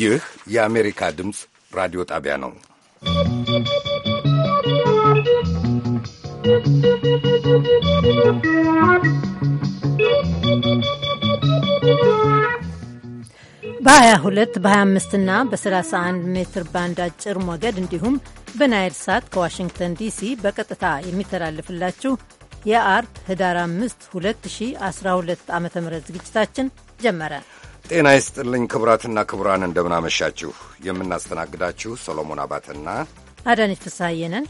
ይህ የአሜሪካ ድምፅ ራዲዮ ጣቢያ ነው። በ22 በ25 እና በ31 ሜትር ባንድ አጭር ሞገድ እንዲሁም በናይል ሳት ከዋሽንግተን ዲሲ በቀጥታ የሚተላለፍላችሁ የአርብ ህዳር 5 2012 ዓ ም ዝግጅታችን ጀመረ። ጤና ይስጥልኝ ክቡራትና ክቡራን፣ እንደምናመሻችሁ። የምናስተናግዳችሁ ሰሎሞን አባተና አዳነች ፍስሐየነን።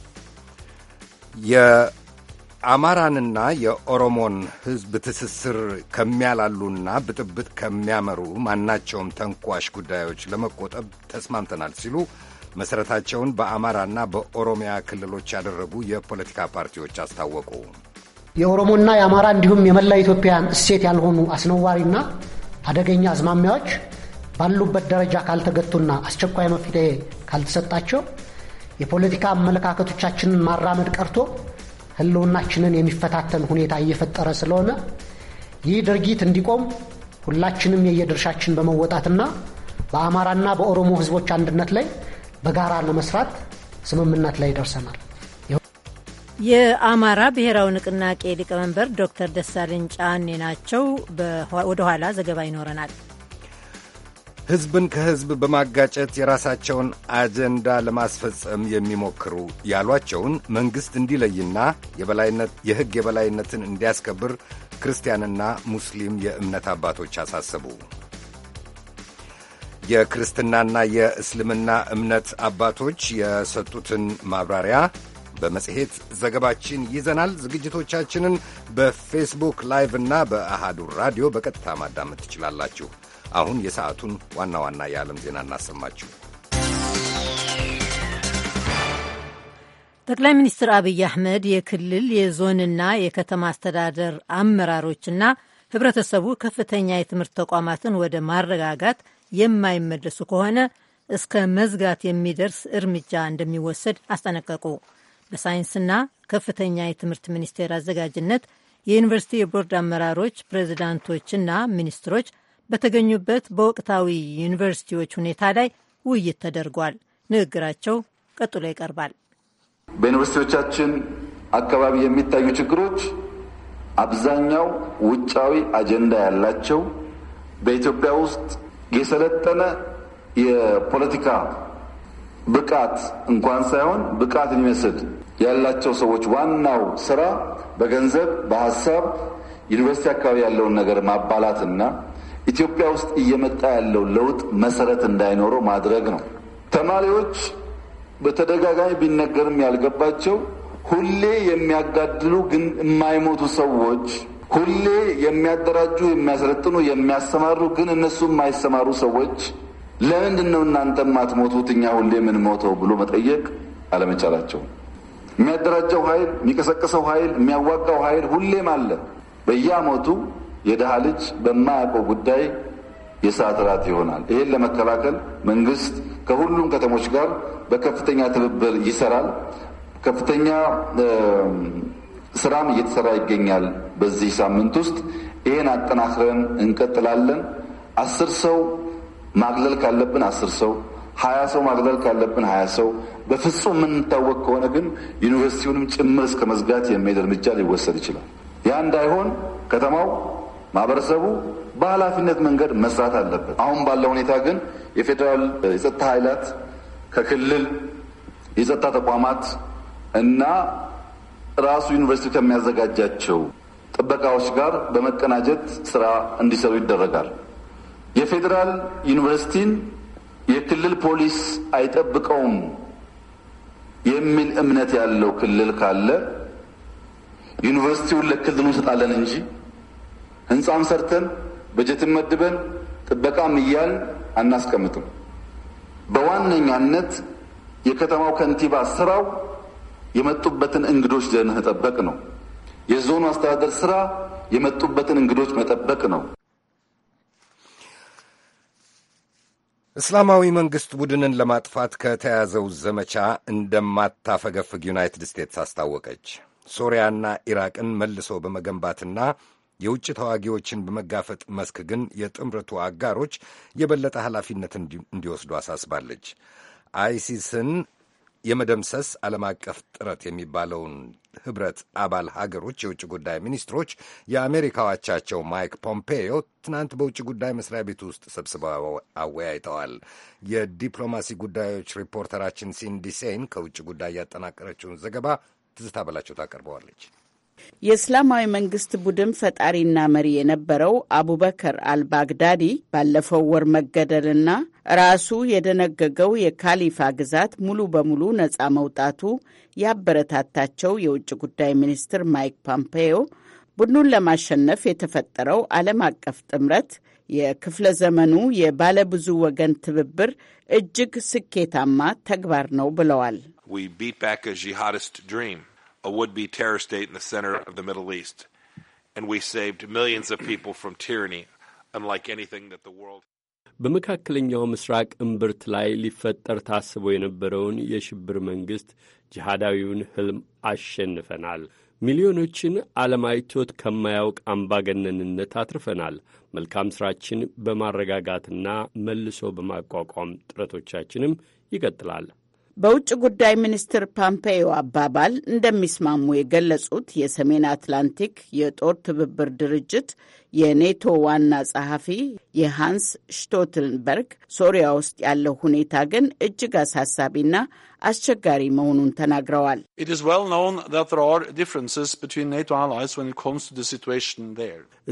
የአማራንና የኦሮሞን ሕዝብ ትስስር ከሚያላሉና ብጥብጥ ከሚያመሩ ማናቸውም ተንኳሽ ጉዳዮች ለመቆጠብ ተስማምተናል ሲሉ መሠረታቸውን በአማራና በኦሮሚያ ክልሎች ያደረጉ የፖለቲካ ፓርቲዎች አስታወቁ። የኦሮሞና የአማራ እንዲሁም የመላ ኢትዮጵያን እሴት ያልሆኑ አስነዋሪና አደገኛ አዝማሚያዎች ባሉበት ደረጃ ካልተገቱና አስቸኳይ መፍትሄ ካልተሰጣቸው የፖለቲካ አመለካከቶቻችንን ማራመድ ቀርቶ ሕልውናችንን የሚፈታተን ሁኔታ እየፈጠረ ስለሆነ ይህ ድርጊት እንዲቆም ሁላችንም የየድርሻችን በመወጣትና በአማራና በኦሮሞ ሕዝቦች አንድነት ላይ በጋራ ለመስራት ስምምነት ላይ ደርሰናል። የአማራ ብሔራዊ ንቅናቄ ሊቀመንበር ዶክተር ደሳለኝ ጫኔ ናቸው። ወደ ኋላ ዘገባ ይኖረናል። ህዝብን ከህዝብ በማጋጨት የራሳቸውን አጀንዳ ለማስፈጸም የሚሞክሩ ያሏቸውን መንግሥት እንዲለይና የህግ የሕግ የበላይነትን እንዲያስከብር ክርስቲያንና ሙስሊም የእምነት አባቶች አሳሰቡ። የክርስትናና የእስልምና እምነት አባቶች የሰጡትን ማብራሪያ በመጽሔት ዘገባችን ይዘናል። ዝግጅቶቻችንን በፌስቡክ ላይቭ እና በአሃዱ ራዲዮ በቀጥታ ማዳመጥ ትችላላችሁ። አሁን የሰዓቱን ዋና ዋና የዓለም ዜና እናሰማችሁ። ጠቅላይ ሚኒስትር አብይ አህመድ የክልል የዞንና የከተማ አስተዳደር አመራሮችና ህብረተሰቡ ከፍተኛ የትምህርት ተቋማትን ወደ ማረጋጋት የማይመለሱ ከሆነ እስከ መዝጋት የሚደርስ እርምጃ እንደሚወሰድ አስጠነቀቁ። በሳይንስና ከፍተኛ የትምህርት ሚኒስቴር አዘጋጅነት የዩኒቨርሲቲ የቦርድ አመራሮች፣ ፕሬዚዳንቶችና ሚኒስትሮች በተገኙበት በወቅታዊ ዩኒቨርሲቲዎች ሁኔታ ላይ ውይይት ተደርጓል። ንግግራቸው ቀጥሎ ይቀርባል። በዩኒቨርሲቲዎቻችን አካባቢ የሚታዩ ችግሮች አብዛኛው ውጫዊ አጀንዳ ያላቸው በኢትዮጵያ ውስጥ የሰለጠነ የፖለቲካ ብቃት እንኳን ሳይሆን ብቃት ይመስል ያላቸው ሰዎች ዋናው ስራ በገንዘብ በሀሳብ ዩኒቨርሲቲ አካባቢ ያለውን ነገር ማባላትና ኢትዮጵያ ውስጥ እየመጣ ያለው ለውጥ መሰረት እንዳይኖረው ማድረግ ነው። ተማሪዎች በተደጋጋሚ ቢነገርም ያልገባቸው ሁሌ የሚያጋድሉ ግን የማይሞቱ ሰዎች፣ ሁሌ የሚያደራጁ፣ የሚያሰለጥኑ፣ የሚያሰማሩ ግን እነሱ የማይሰማሩ ሰዎች ለምንድን ነው እናንተ ማትሞቱት እኛ ሁሌ ምን ሞተው ብሎ መጠየቅ አለመቻላቸው። የሚያደራጀው ኃይል፣ የሚቀሰቅሰው ኃይል፣ የሚያዋጋው ኃይል ሁሌም አለ። በየአመቱ የድሃ ልጅ በማያውቀው ጉዳይ የሰዓት ራት ይሆናል። ይህን ለመከላከል መንግስት ከሁሉም ከተሞች ጋር በከፍተኛ ትብብር ይሰራል። ከፍተኛ ስራም እየተሰራ ይገኛል። በዚህ ሳምንት ውስጥ ይህን አጠናክረን እንቀጥላለን። አስር ሰው ማግለል ካለብን አስር ሰው ሀያ ሰው ማግለል ካለብን ሀያ ሰው በፍጹም የምንታወቅ ከሆነ ግን ዩኒቨርሲቲውንም ጭምር እስከ መዝጋት የሚሄድ እርምጃ ሊወሰድ ይችላል። ያ እንዳይሆን ከተማው፣ ማህበረሰቡ በኃላፊነት መንገድ መስራት አለበት። አሁን ባለው ሁኔታ ግን የፌዴራል የጸጥታ ኃይላት ከክልል የጸጥታ ተቋማት እና ራሱ ዩኒቨርሲቲ ከሚያዘጋጃቸው ጥበቃዎች ጋር በመቀናጀት ስራ እንዲሰሩ ይደረጋል። የፌዴራል ዩኒቨርሲቲን የክልል ፖሊስ አይጠብቀውም የሚል እምነት ያለው ክልል ካለ ዩኒቨርሲቲውን ለክልሉ እንሰጣለን እንጂ ህንፃም ሰርተን በጀትን መድበን ጥበቃም እያል አናስቀምጥም። በዋነኛነት የከተማው ከንቲባ ስራው የመጡበትን እንግዶች ደህንነት መጠበቅ ነው። የዞኑ አስተዳደር ስራ የመጡበትን እንግዶች መጠበቅ ነው። እስላማዊ መንግሥት ቡድንን ለማጥፋት ከተያዘው ዘመቻ እንደማታፈገፍግ ዩናይትድ ስቴትስ አስታወቀች። ሶሪያና ኢራቅን መልሶ በመገንባትና የውጭ ተዋጊዎችን በመጋፈጥ መስክ ግን የጥምረቱ አጋሮች የበለጠ ኃላፊነት እንዲወስዱ አሳስባለች። አይሲስን የመደምሰስ ዓለም አቀፍ ጥረት የሚባለውን ህብረት አባል ሀገሮች የውጭ ጉዳይ ሚኒስትሮች የአሜሪካዎቻቸው ማይክ ፖምፔዮ ትናንት በውጭ ጉዳይ መስሪያ ቤት ውስጥ ሰብስበው አወያይተዋል። የዲፕሎማሲ ጉዳዮች ሪፖርተራችን ሲንዲሴን ከውጭ ጉዳይ ያጠናቀረችውን ዘገባ ትዝታ በላቸው ታቀርበዋለች። የእስላማዊ መንግስት ቡድን ፈጣሪና መሪ የነበረው አቡበከር አልባግዳዲ ባለፈው ወር መገደልና ራሱ የደነገገው የካሊፋ ግዛት ሙሉ በሙሉ ነጻ መውጣቱ ያበረታታቸው የውጭ ጉዳይ ሚኒስትር ማይክ ፖምፔዮ ቡድኑን ለማሸነፍ የተፈጠረው ዓለም አቀፍ ጥምረት የክፍለ ዘመኑ የባለብዙ ወገን ትብብር እጅግ ስኬታማ ተግባር ነው ብለዋል። a would be terror state in the center of the Middle East. And we saved millions of people from tyranny, unlike anything that the world. በመካከለኛው ምስራቅ እምብርት ላይ ሊፈጠር ታስቦ የነበረውን የሽብር መንግሥት ጅሃዳዊውን ሕልም አሸንፈናል። ሚሊዮኖችን ዓለም አይቶት ከማያውቅ አምባገነንነት አትርፈናል። መልካም ሥራችን በማረጋጋትና መልሶ በማቋቋም ጥረቶቻችንም ይቀጥላል። በውጭ ጉዳይ ሚኒስትር ፓምፔዮ አባባል እንደሚስማሙ የገለጹት የሰሜን አትላንቲክ የጦር ትብብር ድርጅት የኔቶ ዋና ጸሐፊ የሃንስ ሽቶልተንበርግ ሶሪያ ውስጥ ያለው ሁኔታ ግን እጅግ አሳሳቢና አስቸጋሪ መሆኑን ተናግረዋል።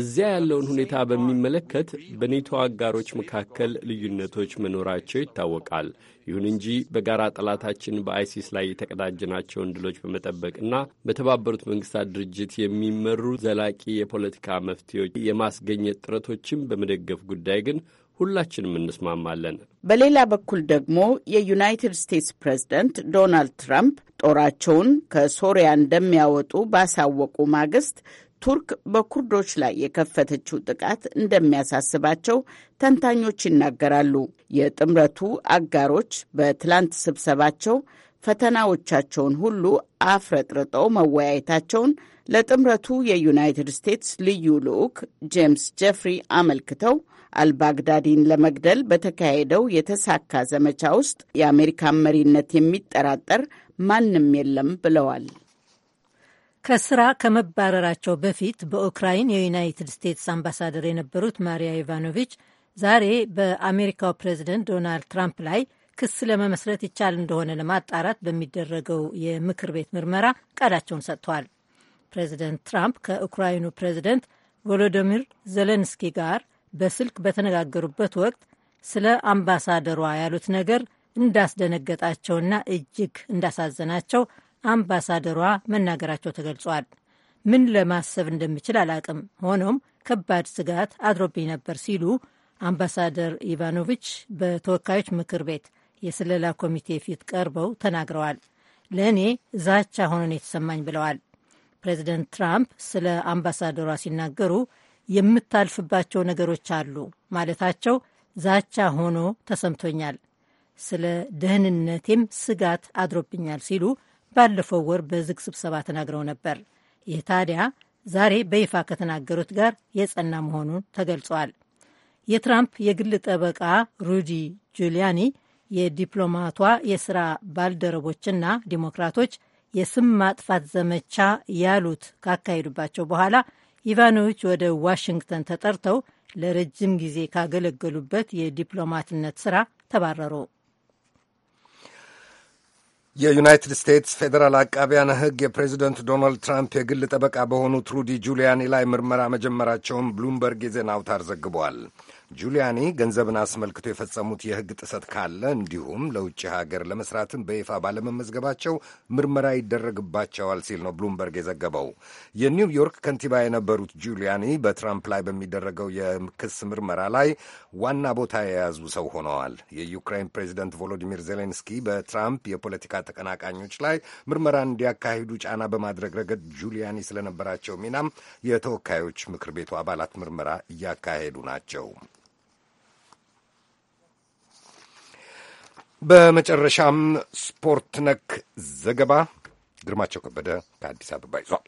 እዚያ ያለውን ሁኔታ በሚመለከት በኔቶ አጋሮች መካከል ልዩነቶች መኖራቸው ይታወቃል። ይሁን እንጂ በጋራ ጠላታችን በአይሲስ ላይ የተቀዳጀናቸውን ድሎች በመጠበቅና በተባበሩት መንግስታት ድርጅት የሚመሩ ዘላቂ የፖለቲካ መፍትሄዎች የማስገኘት ጥረቶችን በመደገፍ ጉዳይ ግን ሁላችንም እንስማማለን። በሌላ በኩል ደግሞ የዩናይትድ ስቴትስ ፕሬዝደንት ዶናልድ ትራምፕ ጦራቸውን ከሶሪያ እንደሚያወጡ ባሳወቁ ማግስት ቱርክ በኩርዶች ላይ የከፈተችው ጥቃት እንደሚያሳስባቸው ተንታኞች ይናገራሉ። የጥምረቱ አጋሮች በትላንት ስብሰባቸው ፈተናዎቻቸውን ሁሉ አፍረጥርጠው መወያየታቸውን ለጥምረቱ የዩናይትድ ስቴትስ ልዩ ልዑክ ጄምስ ጀፍሪ አመልክተው አልባግዳዲን ለመግደል በተካሄደው የተሳካ ዘመቻ ውስጥ የአሜሪካን መሪነት የሚጠራጠር ማንም የለም ብለዋል። ከስራ ከመባረራቸው በፊት በኡክራይን የዩናይትድ ስቴትስ አምባሳደር የነበሩት ማሪያ ኢቫኖቪች ዛሬ በአሜሪካው ፕሬዚደንት ዶናልድ ትራምፕ ላይ ክስ ለመመስረት ይቻል እንደሆነ ለማጣራት በሚደረገው የምክር ቤት ምርመራ ቃዳቸውን ሰጥተዋል። ፕሬዚደንት ትራምፕ ከኡክራይኑ ፕሬዚደንት ቮሎዶሚር ዘለንስኪ ጋር በስልክ በተነጋገሩበት ወቅት ስለ አምባሳደሯ ያሉት ነገር እንዳስደነገጣቸውና እጅግ እንዳሳዘናቸው አምባሳደሯ መናገራቸው ተገልጿል። ምን ለማሰብ እንደምችል አላቅም፣ ሆኖም ከባድ ስጋት አድሮብኝ ነበር ሲሉ አምባሳደር ኢቫኖቪች በተወካዮች ምክር ቤት የስለላ ኮሚቴ ፊት ቀርበው ተናግረዋል። ለእኔ ዛቻ ሆኖ የተሰማኝ ብለዋል። ፕሬዚደንት ትራምፕ ስለ አምባሳደሯ ሲናገሩ የምታልፍባቸው ነገሮች አሉ ማለታቸው ዛቻ ሆኖ ተሰምቶኛል፣ ስለ ደህንነቴም ስጋት አድሮብኛል ሲሉ ባለፈው ወር በዝግ ስብሰባ ተናግረው ነበር። ይህ ታዲያ ዛሬ በይፋ ከተናገሩት ጋር የጸና መሆኑን ተገልጿል። የትራምፕ የግል ጠበቃ ሩዲ ጁሊያኒ የዲፕሎማቷ የስራ ባልደረቦችና ዲሞክራቶች የስም ማጥፋት ዘመቻ ያሉት ካካሄዱባቸው በኋላ ኢቫኖቪች ወደ ዋሽንግተን ተጠርተው ለረጅም ጊዜ ካገለገሉበት የዲፕሎማትነት ስራ ተባረሩ። የዩናይትድ ስቴትስ ፌዴራል አቃቢያን ሕግ የፕሬዚደንት ዶናልድ ትራምፕ የግል ጠበቃ በሆኑት ሩዲ ጁሊያኒ ላይ ምርመራ መጀመራቸውን ብሉምበርግ የዜና አውታር ዘግቧል። ጁሊያኒ ገንዘብን አስመልክቶ የፈጸሙት የሕግ ጥሰት ካለ እንዲሁም ለውጭ ሀገር ለመስራትም በይፋ ባለመመዝገባቸው ምርመራ ይደረግባቸዋል ሲል ነው ብሉምበርግ የዘገበው። የኒውዮርክ ከንቲባ የነበሩት ጁሊያኒ በትራምፕ ላይ በሚደረገው የክስ ምርመራ ላይ ዋና ቦታ የያዙ ሰው ሆነዋል። የዩክሬን ፕሬዚደንት ቮሎዲሚር ዜሌንስኪ በትራምፕ የፖለቲካ ተቀናቃኞች ላይ ምርመራ እንዲያካሂዱ ጫና በማድረግ ረገድ ጁሊያኒ ስለነበራቸው ሚናም የተወካዮች ምክር ቤቱ አባላት ምርመራ እያካሄዱ ናቸው። በመጨረሻም ስፖርት ነክ ዘገባ ግርማቸው ከበደ ከአዲስ አበባ ይዟል።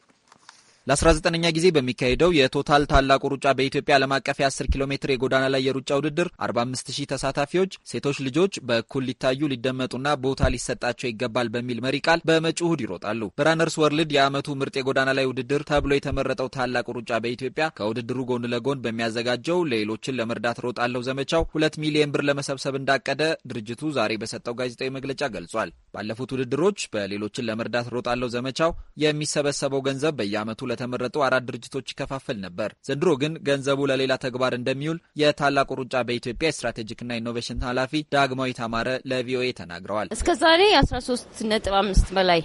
ለ19ኛ ጊዜ በሚካሄደው የቶታል ታላቁ ሩጫ በኢትዮጵያ ዓለም አቀፍ የ10 ኪሎ ሜትር የጎዳና ላይ የሩጫ ውድድር 45000 ተሳታፊዎች ሴቶች ልጆች በእኩል ሊታዩ ሊደመጡና ቦታ ሊሰጣቸው ይገባል በሚል መሪ ቃል በመጪው እሁድ ይሮጣሉ። በራነርስ ወርልድ የዓመቱ ምርጥ የጎዳና ላይ ውድድር ተብሎ የተመረጠው ታላቁ ሩጫ በኢትዮጵያ ከውድድሩ ጎን ለጎን በሚያዘጋጀው ሌሎችን ለመርዳት ሮጣለው ዘመቻው ሁለት ሚሊዮን ብር ለመሰብሰብ እንዳቀደ ድርጅቱ ዛሬ በሰጠው ጋዜጣዊ መግለጫ ገልጿል። ባለፉት ውድድሮች በሌሎችን ለመርዳት ሮጣለው ዘመቻው የሚሰበሰበው ገንዘብ በየዓመቱ በተመረጡ አራት ድርጅቶች ይከፋፈል ነበር። ዘንድሮ ግን ገንዘቡ ለሌላ ተግባር እንደሚውል የታላቁ ሩጫ በኢትዮጵያ ስትራቴጂክና ኢኖቬሽን ኃላፊ ዳግማዊ ተማረ ለቪኦኤ ተናግረዋል። እስከ ዛሬ 13 ነጥብ 5 በላይ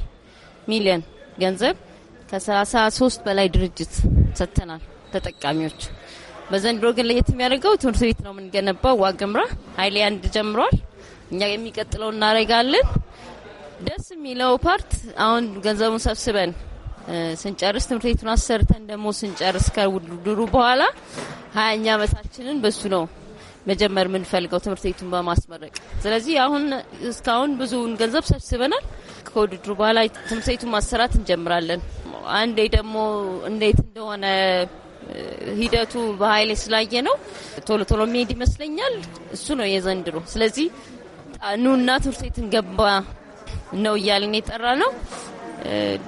ሚሊዮን ገንዘብ ከ33 በላይ ድርጅት ሰጥተናል ተጠቃሚዎች። በዘንድሮ ግን ለየት የሚያደርገው ትምህርት ቤት ነው የምንገነባው። ዋግምራ ሀይሌ አንድ ጀምሯል። እኛ የሚቀጥለው እናደርጋለን። ደስ የሚለው ፓርት አሁን ገንዘቡን ሰብስበን ስንጨርስ ትምህርት ቤቱን አሰርተን ደግሞ ስንጨርስ ከውድድሩ በኋላ ሀያኛ ዓመታችንን በሱ ነው መጀመር የምንፈልገው ትምህርት ቤቱን በማስመረቅ። ስለዚህ አሁን እስካሁን ብዙውን ገንዘብ ሰብስበናል። ከውድድሩ በኋላ ትምህርት ቤቱን ማሰራት እንጀምራለን። አንዴ ደግሞ እንዴት እንደሆነ ሂደቱ በሀይሌ ስላየ ነው ቶሎ ቶሎ የሚሄድ ይመስለኛል። እሱ ነው የዘንድሮ። ስለዚህ ኑና ትምህርት ቤት እንገባ ነው እያልን የጠራ ነው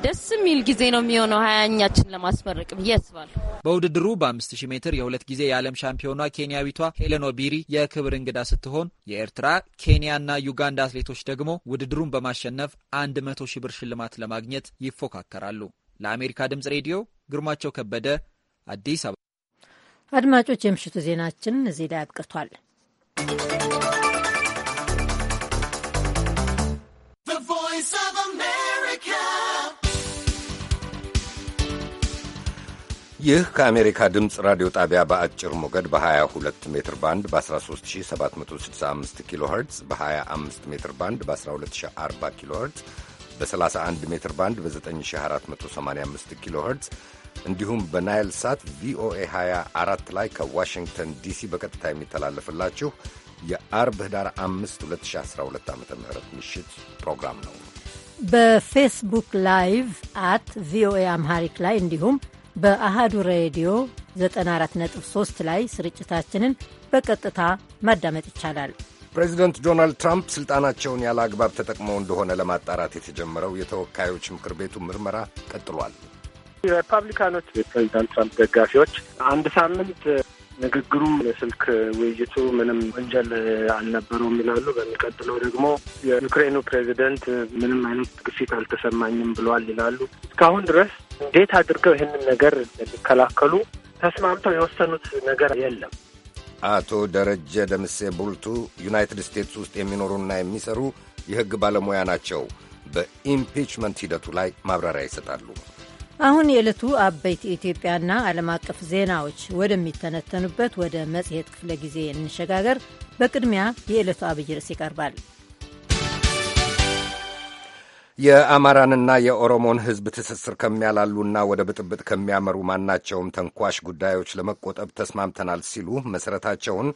ደስ የሚል ጊዜ ነው የሚሆነው ሀያኛችን ለማስመረቅ ብዬ አስባለሁ። በውድድሩ በአምስት ሺህ ሜትር የሁለት ጊዜ የዓለም ሻምፒዮኗ ኬንያዊቷ ሄለን ኦቢሪ የክብር እንግዳ ስትሆን የኤርትራ ኬንያና ዩጋንዳ አትሌቶች ደግሞ ውድድሩን በማሸነፍ አንድ መቶ ሺህ ብር ሽልማት ለማግኘት ይፎካከራሉ። ለአሜሪካ ድምጽ ሬዲዮ ግርማቸው ከበደ አዲስ አበባ። አድማጮች፣ የምሽቱ ዜናችን እዚህ ላይ አብቅቷል። ይህ ከአሜሪካ ድምፅ ራዲዮ ጣቢያ በአጭር ሞገድ በ22 ሜትር ባንድ በ13765 ኪሎ ኸርትዝ በ25 ሜትር ባንድ በ1240 ኪሎ ኸርትዝ በ31 ሜትር ባንድ በ9485 ኪሎ ኸርትዝ እንዲሁም በናይል ሳት ቪኦኤ 24 ላይ ከዋሽንግተን ዲሲ በቀጥታ የሚተላለፍላችሁ የአርብ ህዳር 5 2012 ዓ ም ምሽት ፕሮግራም ነው። በፌስቡክ ላይቭ አት ቪኦኤ አምሃሪክ ላይ እንዲሁም በአሃዱ ሬዲዮ 94.3 ላይ ስርጭታችንን በቀጥታ ማዳመጥ ይቻላል። ፕሬዚደንት ዶናልድ ትራምፕ ስልጣናቸውን ያለ አግባብ ተጠቅመው እንደሆነ ለማጣራት የተጀመረው የተወካዮች ምክር ቤቱ ምርመራ ቀጥሏል። ሪፐብሊካኖች የፕሬዚዳንት ትራምፕ ደጋፊዎች አንድ ሳምንት ንግግሩ የስልክ ውይይቱ ምንም ወንጀል አልነበረውም ይላሉ። በሚቀጥለው ደግሞ የዩክሬኑ ፕሬዚደንት ምንም አይነት ግፊት አልተሰማኝም ብሏል ይላሉ። እስካሁን ድረስ እንዴት አድርገው ይህንን ነገር ሊከላከሉ ተስማምተው የወሰኑት ነገር የለም። አቶ ደረጀ ደምሴ ቡልቱ ዩናይትድ ስቴትስ ውስጥ የሚኖሩና የሚሰሩ የሕግ ባለሙያ ናቸው። በኢምፒችመንት ሂደቱ ላይ ማብራሪያ ይሰጣሉ። አሁን የዕለቱ አበይት የኢትዮጵያና ዓለም አቀፍ ዜናዎች ወደሚተነተኑበት ወደ መጽሔት ክፍለ ጊዜ እንሸጋገር። በቅድሚያ የዕለቱ አብይ ርዕስ ይቀርባል። የአማራንና የኦሮሞን ሕዝብ ትስስር ከሚያላሉና ወደ ብጥብጥ ከሚያመሩ ማናቸውም ተንኳሽ ጉዳዮች ለመቆጠብ ተስማምተናል ሲሉ መሠረታቸውን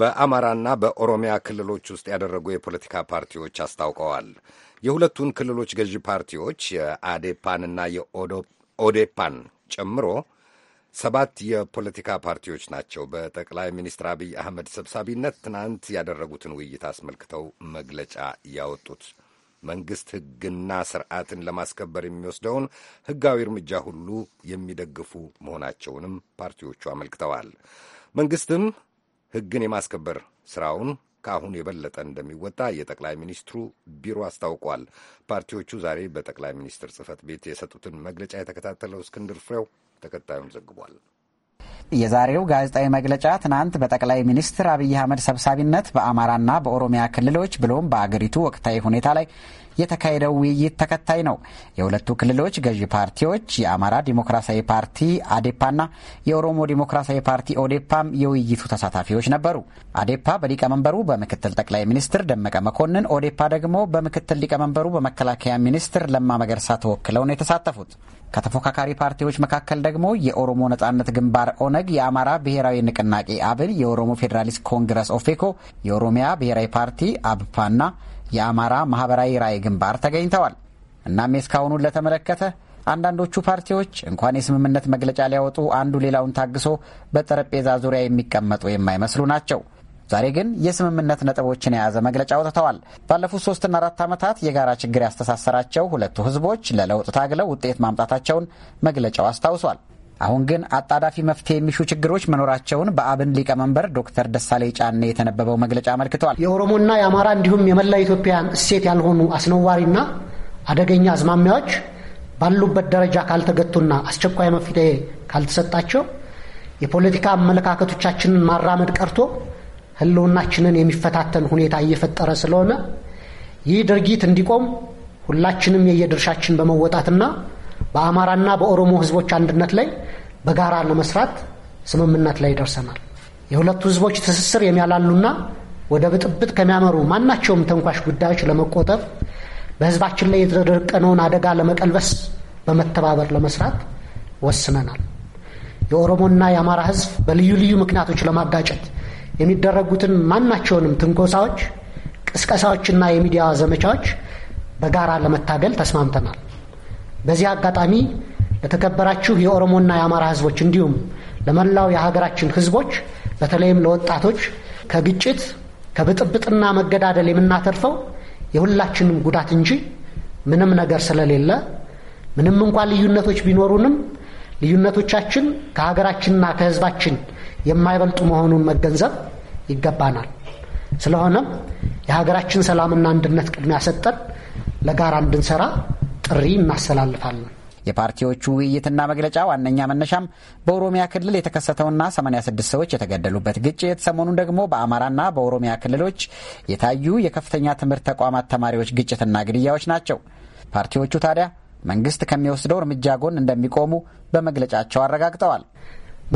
በአማራና በኦሮሚያ ክልሎች ውስጥ ያደረጉ የፖለቲካ ፓርቲዎች አስታውቀዋል። የሁለቱን ክልሎች ገዢ ፓርቲዎች የአዴፓንና የኦዴፓን ጨምሮ ሰባት የፖለቲካ ፓርቲዎች ናቸው በጠቅላይ ሚኒስትር አብይ አህመድ ሰብሳቢነት ትናንት ያደረጉትን ውይይት አስመልክተው መግለጫ ያወጡት። መንግሥት ሕግና ስርዓትን ለማስከበር የሚወስደውን ሕጋዊ እርምጃ ሁሉ የሚደግፉ መሆናቸውንም ፓርቲዎቹ አመልክተዋል። መንግሥትም ሕግን የማስከበር ስራውን ከአሁን የበለጠ እንደሚወጣ የጠቅላይ ሚኒስትሩ ቢሮ አስታውቋል። ፓርቲዎቹ ዛሬ በጠቅላይ ሚኒስትር ጽህፈት ቤት የሰጡትን መግለጫ የተከታተለው እስክንድር ፍሬው ተከታዩን ዘግቧል። የዛሬው ጋዜጣዊ መግለጫ ትናንት በጠቅላይ ሚኒስትር አብይ አህመድ ሰብሳቢነት በአማራና በኦሮሚያ ክልሎች ብሎም በአገሪቱ ወቅታዊ ሁኔታ ላይ የተካሄደው ውይይት ተከታይ ነው። የሁለቱ ክልሎች ገዢ ፓርቲዎች የአማራ ዲሞክራሲያዊ ፓርቲ አዴፓና የኦሮሞ ዲሞክራሲያዊ ፓርቲ ኦዴፓም የውይይቱ ተሳታፊዎች ነበሩ። አዴፓ በሊቀመንበሩ በምክትል ጠቅላይ ሚኒስትር ደመቀ መኮንን፣ ኦዴፓ ደግሞ በምክትል ሊቀመንበሩ በመከላከያ ሚኒስትር ለማ መገርሳ ተወክለው ነው የተሳተፉት። ከተፎካካሪ ፓርቲዎች መካከል ደግሞ የኦሮሞ ነጻነት ግንባር ኦነግ፣ የአማራ ብሔራዊ ንቅናቄ አብን፣ የኦሮሞ ፌዴራሊስት ኮንግረስ ኦፌኮ፣ የኦሮሚያ ብሔራዊ ፓርቲ አብፓና የአማራ ማህበራዊ ራዕይ ግንባር ተገኝተዋል። እናም የእስካሁኑን ለተመለከተ አንዳንዶቹ ፓርቲዎች እንኳን የስምምነት መግለጫ ሊያወጡ አንዱ ሌላውን ታግሶ በጠረጴዛ ዙሪያ የሚቀመጡ የማይመስሉ ናቸው። ዛሬ ግን የስምምነት ነጥቦችን የያዘ መግለጫ አውጥተዋል። ባለፉት ሶስትና አራት ዓመታት የጋራ ችግር ያስተሳሰራቸው ሁለቱ ህዝቦች ለለውጥ ታግለው ውጤት ማምጣታቸውን መግለጫው አስታውሷል። አሁን ግን አጣዳፊ መፍትሄ የሚሹ ችግሮች መኖራቸውን በአብን ሊቀመንበር ዶክተር ደሳለኝ ጫኔ የተነበበው መግለጫ አመልክተዋል። የኦሮሞና የአማራ እንዲሁም የመላ ኢትዮጵያውያን እሴት ያልሆኑ አስነዋሪና አደገኛ አዝማሚያዎች ባሉበት ደረጃ ካልተገቱና አስቸኳይ መፍትሄ ካልተሰጣቸው የፖለቲካ አመለካከቶቻችንን ማራመድ ቀርቶ ሕልውናችንን የሚፈታተን ሁኔታ እየፈጠረ ስለሆነ ይህ ድርጊት እንዲቆም ሁላችንም የየድርሻችን በመወጣትና በአማራና በኦሮሞ ህዝቦች አንድነት ላይ በጋራ ለመስራት ስምምነት ላይ ደርሰናል። የሁለቱ ህዝቦች ትስስር የሚያላሉና ወደ ብጥብጥ ከሚያመሩ ማናቸውም ተንኳሽ ጉዳዮች ለመቆጠብ በህዝባችን ላይ የተደቀነውን አደጋ ለመቀልበስ በመተባበር ለመስራት ወስነናል። የኦሮሞና የአማራ ህዝብ በልዩ ልዩ ምክንያቶች ለማጋጨት የሚደረጉትን ማናቸውንም ትንኮሳዎች፣ ቅስቀሳዎችና የሚዲያ ዘመቻዎች በጋራ ለመታገል ተስማምተናል። በዚህ አጋጣሚ ለተከበራችሁ የኦሮሞና የአማራ ህዝቦች እንዲሁም ለመላው የሀገራችን ህዝቦች በተለይም ለወጣቶች ከግጭት ከብጥብጥና መገዳደል የምናተርፈው የሁላችንም ጉዳት እንጂ ምንም ነገር ስለሌለ ምንም እንኳን ልዩነቶች ቢኖሩንም ልዩነቶቻችን ከሀገራችንና ከህዝባችን የማይበልጡ መሆኑን መገንዘብ ይገባናል። ስለሆነም የሀገራችን ሰላምና አንድነት ቅድሚያ ሰጠን ለጋራ እንድንሰራ ጥሪ እናስተላልፋለን። የፓርቲዎቹ ውይይትና መግለጫ ዋነኛ መነሻም በኦሮሚያ ክልል የተከሰተውና 86 ሰዎች የተገደሉበት ግጭት፣ ሰሞኑን ደግሞ በአማራና በኦሮሚያ ክልሎች የታዩ የከፍተኛ ትምህርት ተቋማት ተማሪዎች ግጭትና ግድያዎች ናቸው። ፓርቲዎቹ ታዲያ መንግስት ከሚወስደው እርምጃ ጎን እንደሚቆሙ በመግለጫቸው አረጋግጠዋል።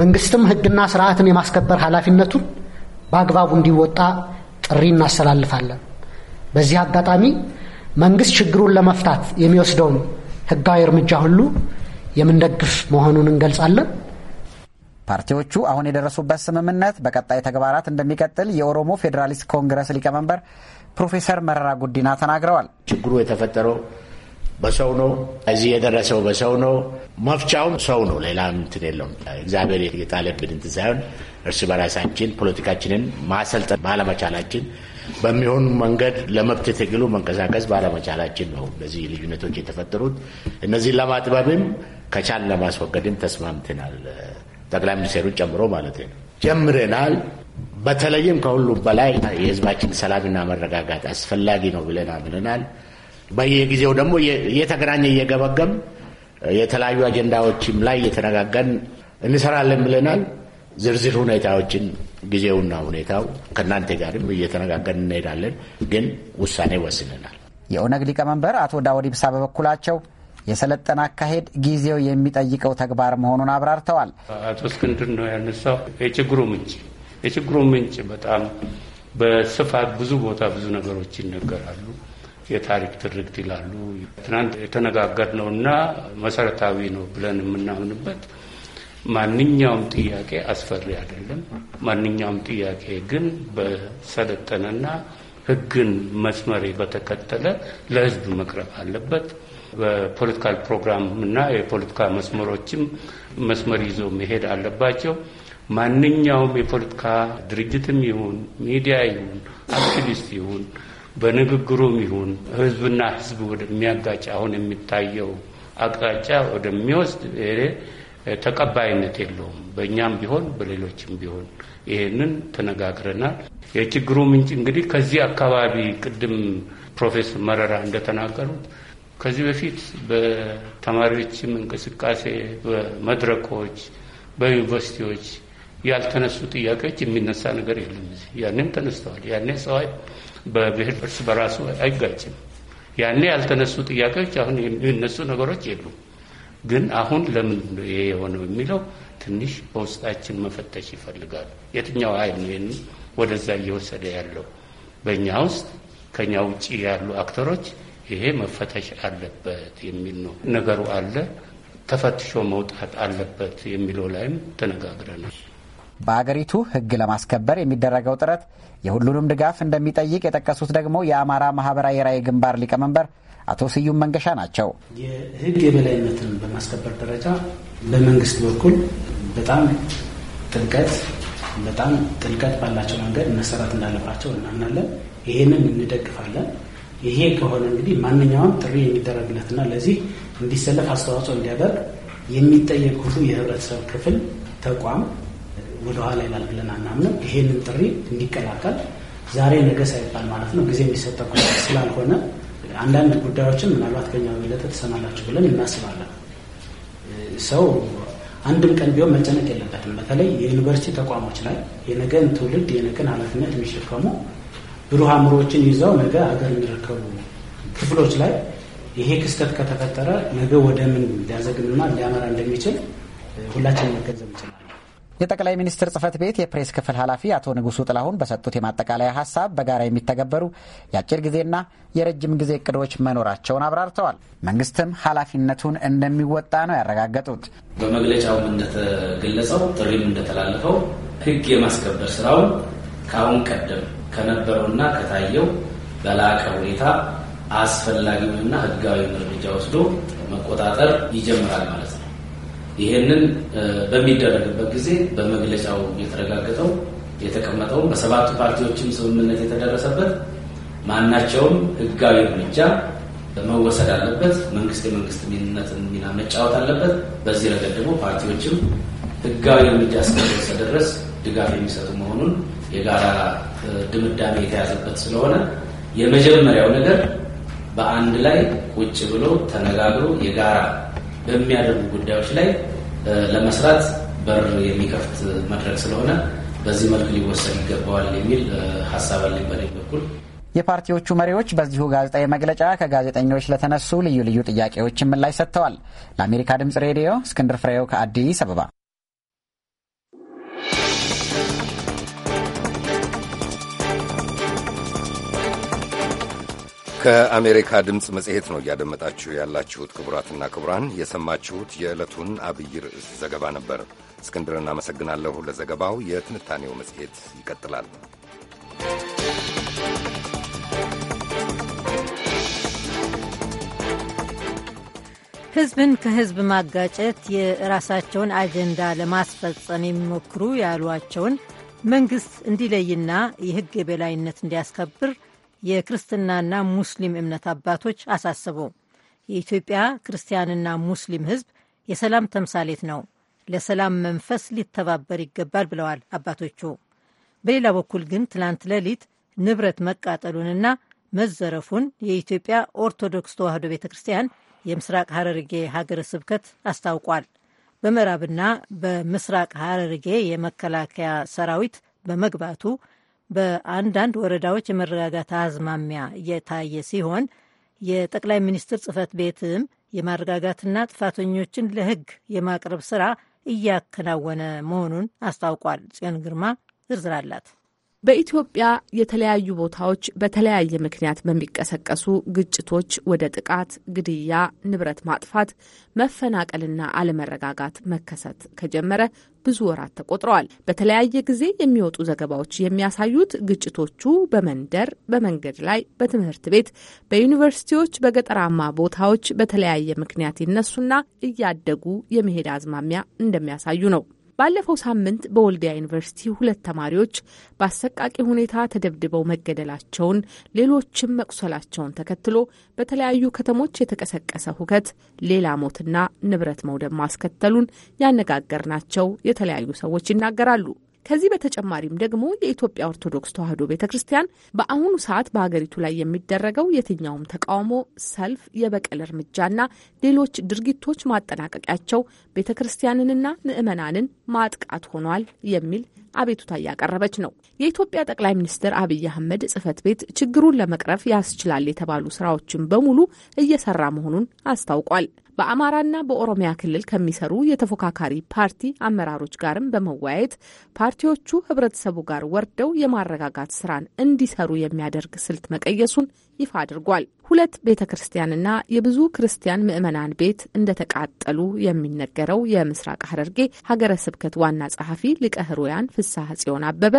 መንግስትም ህግና ስርዓትን የማስከበር ኃላፊነቱን በአግባቡ እንዲወጣ ጥሪ እናስተላልፋለን። በዚህ አጋጣሚ መንግስት ችግሩን ለመፍታት የሚወስደውን ህጋዊ እርምጃ ሁሉ የምንደግፍ መሆኑን እንገልጻለን። ፓርቲዎቹ አሁን የደረሱበት ስምምነት በቀጣይ ተግባራት እንደሚቀጥል የኦሮሞ ፌዴራሊስት ኮንግረስ ሊቀመንበር ፕሮፌሰር መረራ ጉዲና ተናግረዋል። ችግሩ የተፈጠረው በሰው ነው። እዚህ የደረሰው በሰው ነው። መፍቻውም ሰው ነው። ሌላ እንትን የለውም። እግዚአብሔር የጣለብን እንትን ሳይሆን እርስ በራሳችን ፖለቲካችንን ማሰልጠን ባለመቻላችን በሚሆን መንገድ ለመብት ትግሉ መንቀሳቀስ ባለመቻላችን ነው እነዚህ ልዩነቶች የተፈጠሩት። እነዚህን ለማጥበብም ከቻል ለማስወገድም ተስማምተናል። ጠቅላይ ሚኒስትሩን ጨምሮ ማለት ነው ጀምረናል። በተለይም ከሁሉም በላይ የህዝባችን ሰላምና መረጋጋት አስፈላጊ ነው ብለን አምነናል። በየጊዜው ደግሞ እየተገናኘ እየገመገም የተለያዩ አጀንዳዎችም ላይ እየተነጋገን እንሰራለን ብለናል። ዝርዝር ሁኔታዎችን ጊዜውና ሁኔታው ከእናንተ ጋርም እየተነጋገርን እንሄዳለን፣ ግን ውሳኔ ወስነናል። የኦነግ ሊቀመንበር አቶ ዳውድ ኢብሳ በበኩላቸው የሰለጠነ አካሄድ ጊዜው የሚጠይቀው ተግባር መሆኑን አብራርተዋል። አቶ እስክንድር ነው ያነሳው የችግሩ ምንጭ የችግሩ ምንጭ በጣም በስፋት ብዙ ቦታ ብዙ ነገሮች ይነገራሉ። የታሪክ ትርክት ይላሉ። ትናንት ነው እና መሰረታዊ ነው ብለን የምናምንበት ማንኛውም ጥያቄ አስፈሪ አይደለም። ማንኛውም ጥያቄ ግን በሰለጠነና ሕግን መስመር በተከተለ ለሕዝብ መቅረብ አለበት። በፖለቲካል ፕሮግራም እና የፖለቲካ መስመሮችም መስመር ይዞ መሄድ አለባቸው። ማንኛውም የፖለቲካ ድርጅትም ይሁን ሚዲያ ይሁን አክቲቪስት ይሁን በንግግሩም ይሁን ሕዝብና ሕዝብ ወደሚያጋጭ አሁን የሚታየው አቅጣጫ ወደሚወስድ ተቀባይነት የለውም። በእኛም ቢሆን በሌሎችም ቢሆን ይህንን ተነጋግረናል። የችግሩ ምንጭ እንግዲህ ከዚህ አካባቢ ቅድም ፕሮፌሰር መረራ እንደተናገሩት ከዚህ በፊት በተማሪዎችም እንቅስቃሴ፣ በመድረኮች፣ በዩኒቨርሲቲዎች ያልተነሱ ጥያቄዎች የሚነሳ ነገር የለም። ያኔም ተነስተዋል። ያኔ ሰው በብሔር እርስ በራሱ አይጋጭም። ያኔ ያልተነሱ ጥያቄዎች አሁን የሚነሱ ነገሮች የሉም። ግን አሁን ለምንድን ነው ይሄ የሆነው የሚለው ትንሽ በውስጣችን መፈተሽ ይፈልጋል። የትኛው ኃይል ነው ይህን ወደዛ እየወሰደ ያለው? በእኛ ውስጥ ከኛ ውጭ ያሉ አክተሮች ይሄ መፈተሽ አለበት የሚል ነው ነገሩ አለ ተፈትሾ መውጣት አለበት የሚለው ላይም ተነጋግረናል። በአገሪቱ ሕግ ለማስከበር የሚደረገው ጥረት የሁሉንም ድጋፍ እንደሚጠይቅ የጠቀሱት ደግሞ የአማራ ማህበራዊ ራዕይ ግንባር ሊቀመንበር አቶ ስዩም መንገሻ ናቸው። የህግ የበላይነትን በማስከበር ደረጃ በመንግስት በኩል በጣም ጥልቀት በጣም ጥልቀት ባላቸው መንገድ መሰራት እንዳለባቸው እናምናለን። ይሄንን እንደግፋለን። ይሄ ከሆነ እንግዲህ ማንኛውም ጥሪ የሚደረግለትና ለዚህ እንዲሰለፍ አስተዋጽኦ እንዲያደርግ የሚጠየቅ ሁሉ የህብረተሰብ ክፍል ተቋም ወደኋላ ይላል ብለን አናምንም። ይሄንን ጥሪ እንዲቀላቀል ዛሬ ነገ ሳይባል ማለት ነው ጊዜ የሚሰጠው ስላልሆነ አንዳንድ ጉዳዮችን ምናልባት ከኛ በበለጠ ትሰማላችሁ ብለን እናስባለን። ሰው አንድም ቀን ቢሆን መጨነቅ የለበትም። በተለይ የዩኒቨርሲቲ ተቋሞች ላይ የነገን ትውልድ የነገን ኃላፊነት የሚሸከሙ ብሩህ አእምሮዎችን ይዘው ነገ ሀገር የሚረከቡ ክፍሎች ላይ ይሄ ክስተት ከተፈጠረ ነገ ወደ ምን ሊያዘግምና ሊያመራ እንደሚችል ሁላችን መገንዘብ ይችላል። የጠቅላይ ሚኒስትር ጽህፈት ቤት የፕሬስ ክፍል ኃላፊ አቶ ንጉሱ ጥላሁን በሰጡት የማጠቃለያ ሀሳብ በጋራ የሚተገበሩ የአጭር ጊዜና የረጅም ጊዜ እቅዶች መኖራቸውን አብራርተዋል። መንግስትም ኃላፊነቱን እንደሚወጣ ነው ያረጋገጡት። በመግለጫውም እንደተገለጸው ጥሪም እንደተላለፈው ህግ የማስከበር ስራውን ከአሁን ቀደም ከነበረውና ከታየው በላቀ ሁኔታ አስፈላጊውንና ህጋዊ እርምጃ ወስዶ መቆጣጠር ይጀምራል ማለት ነው። ይሄንን በሚደረግበት ጊዜ በመግለጫው የተረጋገጠው የተቀመጠው በሰባቱ ፓርቲዎችም ስምምነት የተደረሰበት ማናቸውም ህጋዊ እርምጃ መወሰድ አለበት። መንግስት የመንግስት ሚንነትን ሚና መጫወት አለበት። በዚህ ረገድ ደግሞ ፓርቲዎችም ህጋዊ እርምጃ እስከተወሰደ ድረስ ድጋፍ የሚሰጡ መሆኑን የጋራ ድምዳሜ የተያዘበት ስለሆነ የመጀመሪያው ነገር በአንድ ላይ ቁጭ ብሎ ተነጋግሮ የጋራ በሚያደርጉ ጉዳዮች ላይ ለመስራት በር የሚከፍት መድረክ ስለሆነ በዚህ መልክ ሊወሰድ ይገባዋል የሚል ሀሳብ አለኝ በኔ በኩል። የፓርቲዎቹ መሪዎች በዚሁ ጋዜጣዊ መግለጫ ከጋዜጠኞች ለተነሱ ልዩ ልዩ ጥያቄዎች ምላሽ ሰጥተዋል። ለአሜሪካ ድምጽ ሬዲዮ እስክንድር ፍሬው ከአዲስ አበባ ከአሜሪካ ድምፅ መጽሔት ነው እያደመጣችሁ ያላችሁት። ክቡራትና ክቡራን የሰማችሁት የዕለቱን አብይ ርዕስ ዘገባ ነበር። እስክንድር እናመሰግናለሁ ለዘገባው። የትንታኔው መጽሔት ይቀጥላል። ህዝብን ከህዝብ ማጋጨት የራሳቸውን አጀንዳ ለማስፈጸም የሚሞክሩ ያሏቸውን መንግሥት እንዲለይና የሕግ የበላይነት እንዲያስከብር የክርስትናና ሙስሊም እምነት አባቶች አሳሰቡ። የኢትዮጵያ ክርስቲያንና ሙስሊም ሕዝብ የሰላም ተምሳሌት ነው፣ ለሰላም መንፈስ ሊተባበር ይገባል ብለዋል አባቶቹ። በሌላ በኩል ግን ትላንት ሌሊት ንብረት መቃጠሉንና መዘረፉን የኢትዮጵያ ኦርቶዶክስ ተዋሕዶ ቤተ ክርስቲያን የምስራቅ ሐረርጌ ሀገረ ስብከት አስታውቋል። በምዕራብና በምስራቅ ሐረርጌ የመከላከያ ሰራዊት በመግባቱ በአንዳንድ ወረዳዎች የመረጋጋት አዝማሚያ እየታየ ሲሆን የጠቅላይ ሚኒስትር ጽህፈት ቤትም የማረጋጋትና ጥፋተኞችን ለህግ የማቅረብ ስራ እያከናወነ መሆኑን አስታውቋል። ጽዮን ግርማ ዝርዝር አላት። በኢትዮጵያ የተለያዩ ቦታዎች በተለያየ ምክንያት በሚቀሰቀሱ ግጭቶች ወደ ጥቃት፣ ግድያ፣ ንብረት ማጥፋት፣ መፈናቀልና አለመረጋጋት መከሰት ከጀመረ ብዙ ወራት ተቆጥረዋል። በተለያየ ጊዜ የሚወጡ ዘገባዎች የሚያሳዩት ግጭቶቹ በመንደር፣ በመንገድ ላይ፣ በትምህርት ቤት፣ በዩኒቨርሲቲዎች፣ በገጠራማ ቦታዎች በተለያየ ምክንያት ይነሱና እያደጉ የመሄድ አዝማሚያ እንደሚያሳዩ ነው። ባለፈው ሳምንት በወልዲያ ዩኒቨርሲቲ ሁለት ተማሪዎች በአሰቃቂ ሁኔታ ተደብድበው መገደላቸውን ሌሎችም መቁሰላቸውን ተከትሎ በተለያዩ ከተሞች የተቀሰቀሰ ሁከት ሌላ ሞትና ንብረት መውደም ማስከተሉን ያነጋገርናቸው የተለያዩ ሰዎች ይናገራሉ። ከዚህ በተጨማሪም ደግሞ የኢትዮጵያ ኦርቶዶክስ ተዋሕዶ ቤተ ክርስቲያን በአሁኑ ሰዓት በሀገሪቱ ላይ የሚደረገው የትኛውም ተቃውሞ፣ ሰልፍ፣ የበቀል እርምጃና ሌሎች ድርጊቶች ማጠናቀቂያቸው ቤተ ክርስቲያንንና ምዕመናንን ማጥቃት ሆኗል የሚል አቤቱታ እያቀረበች ነው። የኢትዮጵያ ጠቅላይ ሚኒስትር አብይ አህመድ ጽህፈት ቤት ችግሩን ለመቅረፍ ያስችላል የተባሉ ስራዎችን በሙሉ እየሰራ መሆኑን አስታውቋል። በአማራና በኦሮሚያ ክልል ከሚሰሩ የተፎካካሪ ፓርቲ አመራሮች ጋርም በመወያየት ፓርቲዎቹ ህብረተሰቡ ጋር ወርደው የማረጋጋት ስራን እንዲሰሩ የሚያደርግ ስልት መቀየሱን ይፋ አድርጓል። ሁለት ቤተ ክርስቲያንና የብዙ ክርስቲያን ምዕመናን ቤት እንደተቃጠሉ የሚነገረው የምስራቅ ሐረርጌ ሀገረ ስብከት ዋና ጸሐፊ ሊቀ ሕሩያን ፍስሐ ጽዮን አበበ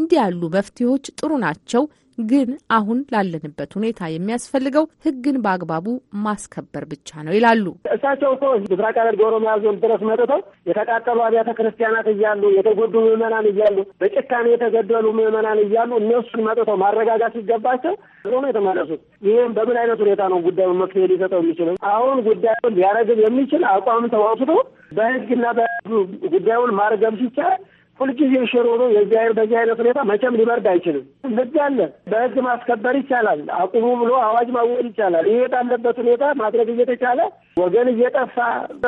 እንዲህ ያሉ መፍትሄዎች ጥሩ ናቸው ግን አሁን ላለንበት ሁኔታ የሚያስፈልገው ህግን በአግባቡ ማስከበር ብቻ ነው ይላሉ። እሳቸው ሰዎች ምስራቅ ሐረርጌ ኦሮሚያ ዞን ድረስ መጥተው የተቃጠሉ አብያተ ክርስቲያናት እያሉ የተጎዱ ምዕመናን እያሉ በጭካኔ የተገደሉ ምዕመናን እያሉ እነሱን መጥተው ማረጋጋት ሲገባቸው ነው የተመለሱት። ይህም በምን አይነት ሁኔታ ነው ጉዳዩን መፍትሄ ሊሰጠው የሚችለው? አሁን ጉዳዩን ሊያረግብ የሚችል አቋም ተወስዶ በህግና በሕዝብ ጉዳዩን ማርገብ ሲቻል ሁልጊዜ ሽሮ ነው። የዚህ አይነት በዚህ አይነት ሁኔታ መቼም ሊበርድ አይችልም። ህግ አለ። በህግ ማስከበር ይቻላል። አቁሙ ብሎ አዋጅ ማወጅ ይቻላል። ይህ ባለበት ሁኔታ ማድረግ እየተቻለ ወገን እየጠፋ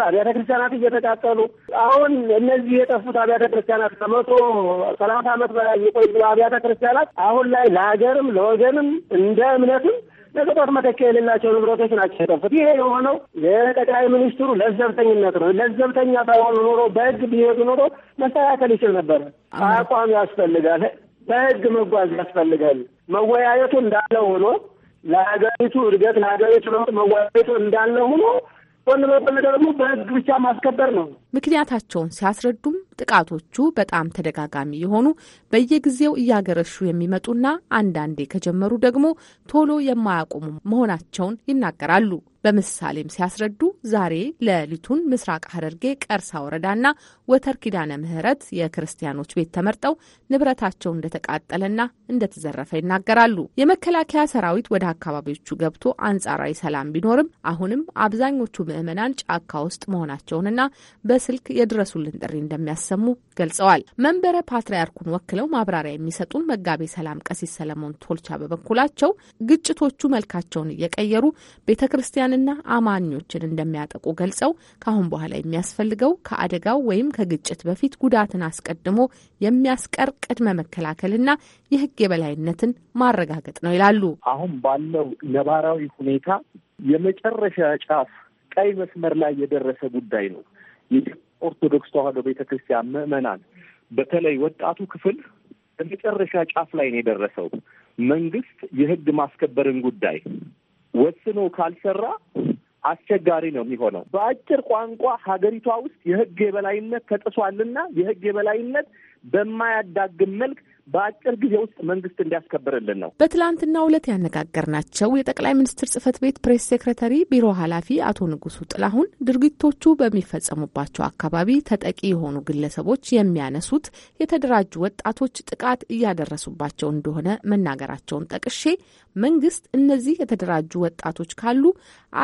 አብያተ ክርስቲያናት እየተቃጠሉ አሁን እነዚህ የጠፉት አብያተ ክርስቲያናት ከመቶ ሰላሳ ዓመት በላይ የቆዩ አብያተ ክርስቲያናት አሁን ላይ ለሀገርም ለወገንም እንደ እምነትም ለቅጦት መተኪያ የሌላቸው ንብረቶች ናቸው የጠፉት። ይሄ የሆነው የጠቅላይ ሚኒስትሩ ለዘብተኝነት ነው። ለዘብተኛ ሳይሆኑ ኖሮ በህግ ቢሄዱ ኖሮ መስተካከል ይችል ነበር አቋም ያስፈልጋል። በህግ መጓዝ ያስፈልጋል። መወያየቱ እንዳለ ሆኖ ለሀገሪቱ እድገት ለሀገሪቱ ለውጥ መወያየቱ እንዳለ ሆኖ ወንድ በጎን ደግሞ በህግ ብቻ ማስከበር ነው። ምክንያታቸውን ሲያስረዱም ጥቃቶቹ በጣም ተደጋጋሚ የሆኑ በየጊዜው እያገረሹ የሚመጡና አንዳንዴ ከጀመሩ ደግሞ ቶሎ የማያቆሙ መሆናቸውን ይናገራሉ። በምሳሌም ሲያስረዱ ዛሬ ሌሊቱን ምስራቅ ሐረርጌ ቀርሳ ወረዳና ወተር ኪዳነ ምሕረት የክርስቲያኖች ቤት ተመርጠው ንብረታቸው እንደተቃጠለና እንደተዘረፈ ይናገራሉ። የመከላከያ ሰራዊት ወደ አካባቢዎቹ ገብቶ አንጻራዊ ሰላም ቢኖርም አሁንም አብዛኞቹ ምዕመናን ጫካ ውስጥ መሆናቸውንና በስልክ የድረሱልን ጥሪ እንደሚያስ እንዳሰሙ ገልጸዋል። መንበረ ፓትርያርኩን ወክለው ማብራሪያ የሚሰጡን መጋቤ ሰላም ቀሲስ ሰለሞን ቶልቻ በበኩላቸው ግጭቶቹ መልካቸውን እየቀየሩ ቤተ ክርስቲያንና አማኞችን እንደሚያጠቁ ገልጸው ከአሁን በኋላ የሚያስፈልገው ከአደጋው ወይም ከግጭት በፊት ጉዳትን አስቀድሞ የሚያስቀር ቅድመ መከላከልና የሕግ የበላይነትን ማረጋገጥ ነው ይላሉ። አሁን ባለው ነባራዊ ሁኔታ የመጨረሻ ጫፍ ቀይ መስመር ላይ የደረሰ ጉዳይ ነው። ኦርቶዶክስ ተዋሕዶ ቤተ ክርስቲያን ምዕመናን በተለይ ወጣቱ ክፍል በመጨረሻ ጫፍ ላይ ነው የደረሰው። መንግስት የህግ ማስከበርን ጉዳይ ወስኖ ካልሰራ አስቸጋሪ ነው የሚሆነው። በአጭር ቋንቋ ሀገሪቷ ውስጥ የህግ የበላይነት ተጥሷልና የህግ የበላይነት በማያዳግም መልክ በአጭር ጊዜ ውስጥ መንግስት እንዲያስከብርልን ነው። በትላንትናው ዕለት ያነጋገርናቸው የጠቅላይ ሚኒስትር ጽህፈት ቤት ፕሬስ ሴክሬታሪ ቢሮ ኃላፊ አቶ ንጉሱ ጥላሁን ድርጊቶቹ በሚፈጸሙባቸው አካባቢ ተጠቂ የሆኑ ግለሰቦች የሚያነሱት የተደራጁ ወጣቶች ጥቃት እያደረሱባቸው እንደሆነ መናገራቸውን ጠቅሼ መንግስት እነዚህ የተደራጁ ወጣቶች ካሉ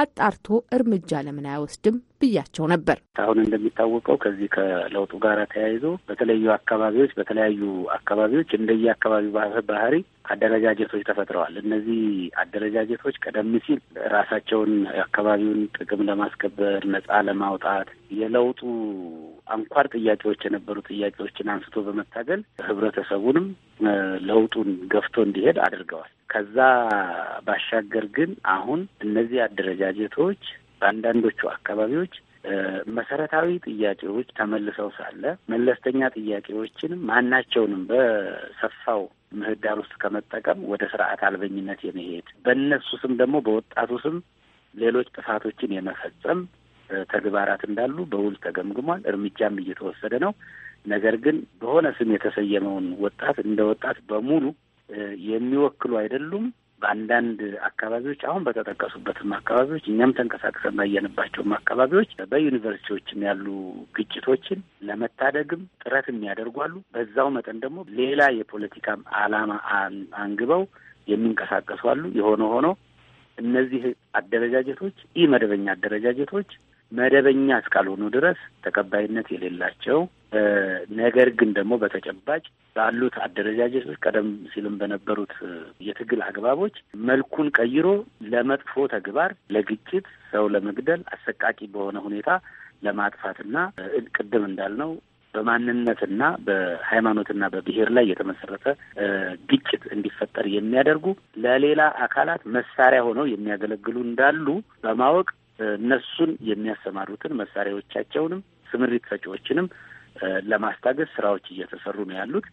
አጣርቶ እርምጃ ለምን አይወስድም ብያቸው ነበር። አሁን እንደሚታወቀው ከዚህ ከለውጡ ጋር ተያይዞ በተለያዩ አካባቢዎች በተለያዩ አካባቢዎች እንደየ አካባቢው ባህሪ አደረጃጀቶች ተፈጥረዋል። እነዚህ አደረጃጀቶች ቀደም ሲል ራሳቸውን አካባቢውን ጥቅም ለማስከበር ነጻ ለማውጣት የለውጡ አንኳር ጥያቄዎች የነበሩ ጥያቄዎችን አንስቶ በመታገል ህብረተሰቡንም ለውጡን ገፍቶ እንዲሄድ አድርገዋል። ከዛ ባሻገር ግን አሁን እነዚህ አደረጃጀቶች በአንዳንዶቹ አካባቢዎች መሰረታዊ ጥያቄዎች ተመልሰው ሳለ መለስተኛ ጥያቄዎችን ማናቸውንም በሰፋው ምህዳር ውስጥ ከመጠቀም ወደ ስርዓት አልበኝነት የመሄድ በእነሱ ስም ደግሞ በወጣቱ ስም ሌሎች ጥፋቶችን የመፈጸም ተግባራት እንዳሉ በውል ተገምግሟል። እርምጃም እየተወሰደ ነው። ነገር ግን በሆነ ስም የተሰየመውን ወጣት እንደ ወጣት በሙሉ የሚወክሉ አይደሉም። በአንዳንድ አካባቢዎች አሁን በተጠቀሱበትም አካባቢዎች እኛም ተንቀሳቅሰን ባየንባቸውም አካባቢዎች በዩኒቨርሲቲዎችም ያሉ ግጭቶችን ለመታደግም ጥረት የሚያደርጓሉ። በዛው መጠን ደግሞ ሌላ የፖለቲካም ዓላማ አንግበው የሚንቀሳቀሱ አሉ። የሆነ ሆኖ እነዚህ አደረጃጀቶች ኢ መደበኛ አደረጃጀቶች መደበኛ እስካልሆኑ ድረስ ተቀባይነት የሌላቸው ነገር ግን ደግሞ በተጨባጭ ባሉት አደረጃጀቶች ቀደም ሲልም በነበሩት የትግል አግባቦች መልኩን ቀይሮ ለመጥፎ ተግባር፣ ለግጭት፣ ሰው ለመግደል አሰቃቂ በሆነ ሁኔታ ለማጥፋትና ቅድም እንዳልነው በማንነትና በሃይማኖትና በብሔር ላይ የተመሰረተ ግጭት እንዲፈጠር የሚያደርጉ ለሌላ አካላት መሳሪያ ሆነው የሚያገለግሉ እንዳሉ በማወቅ እነሱን የሚያሰማሩትን መሳሪያዎቻቸውንም ስምሪት ሰጪዎችንም ለማስታገስ ስራዎች እየተሰሩ ነው ያሉት።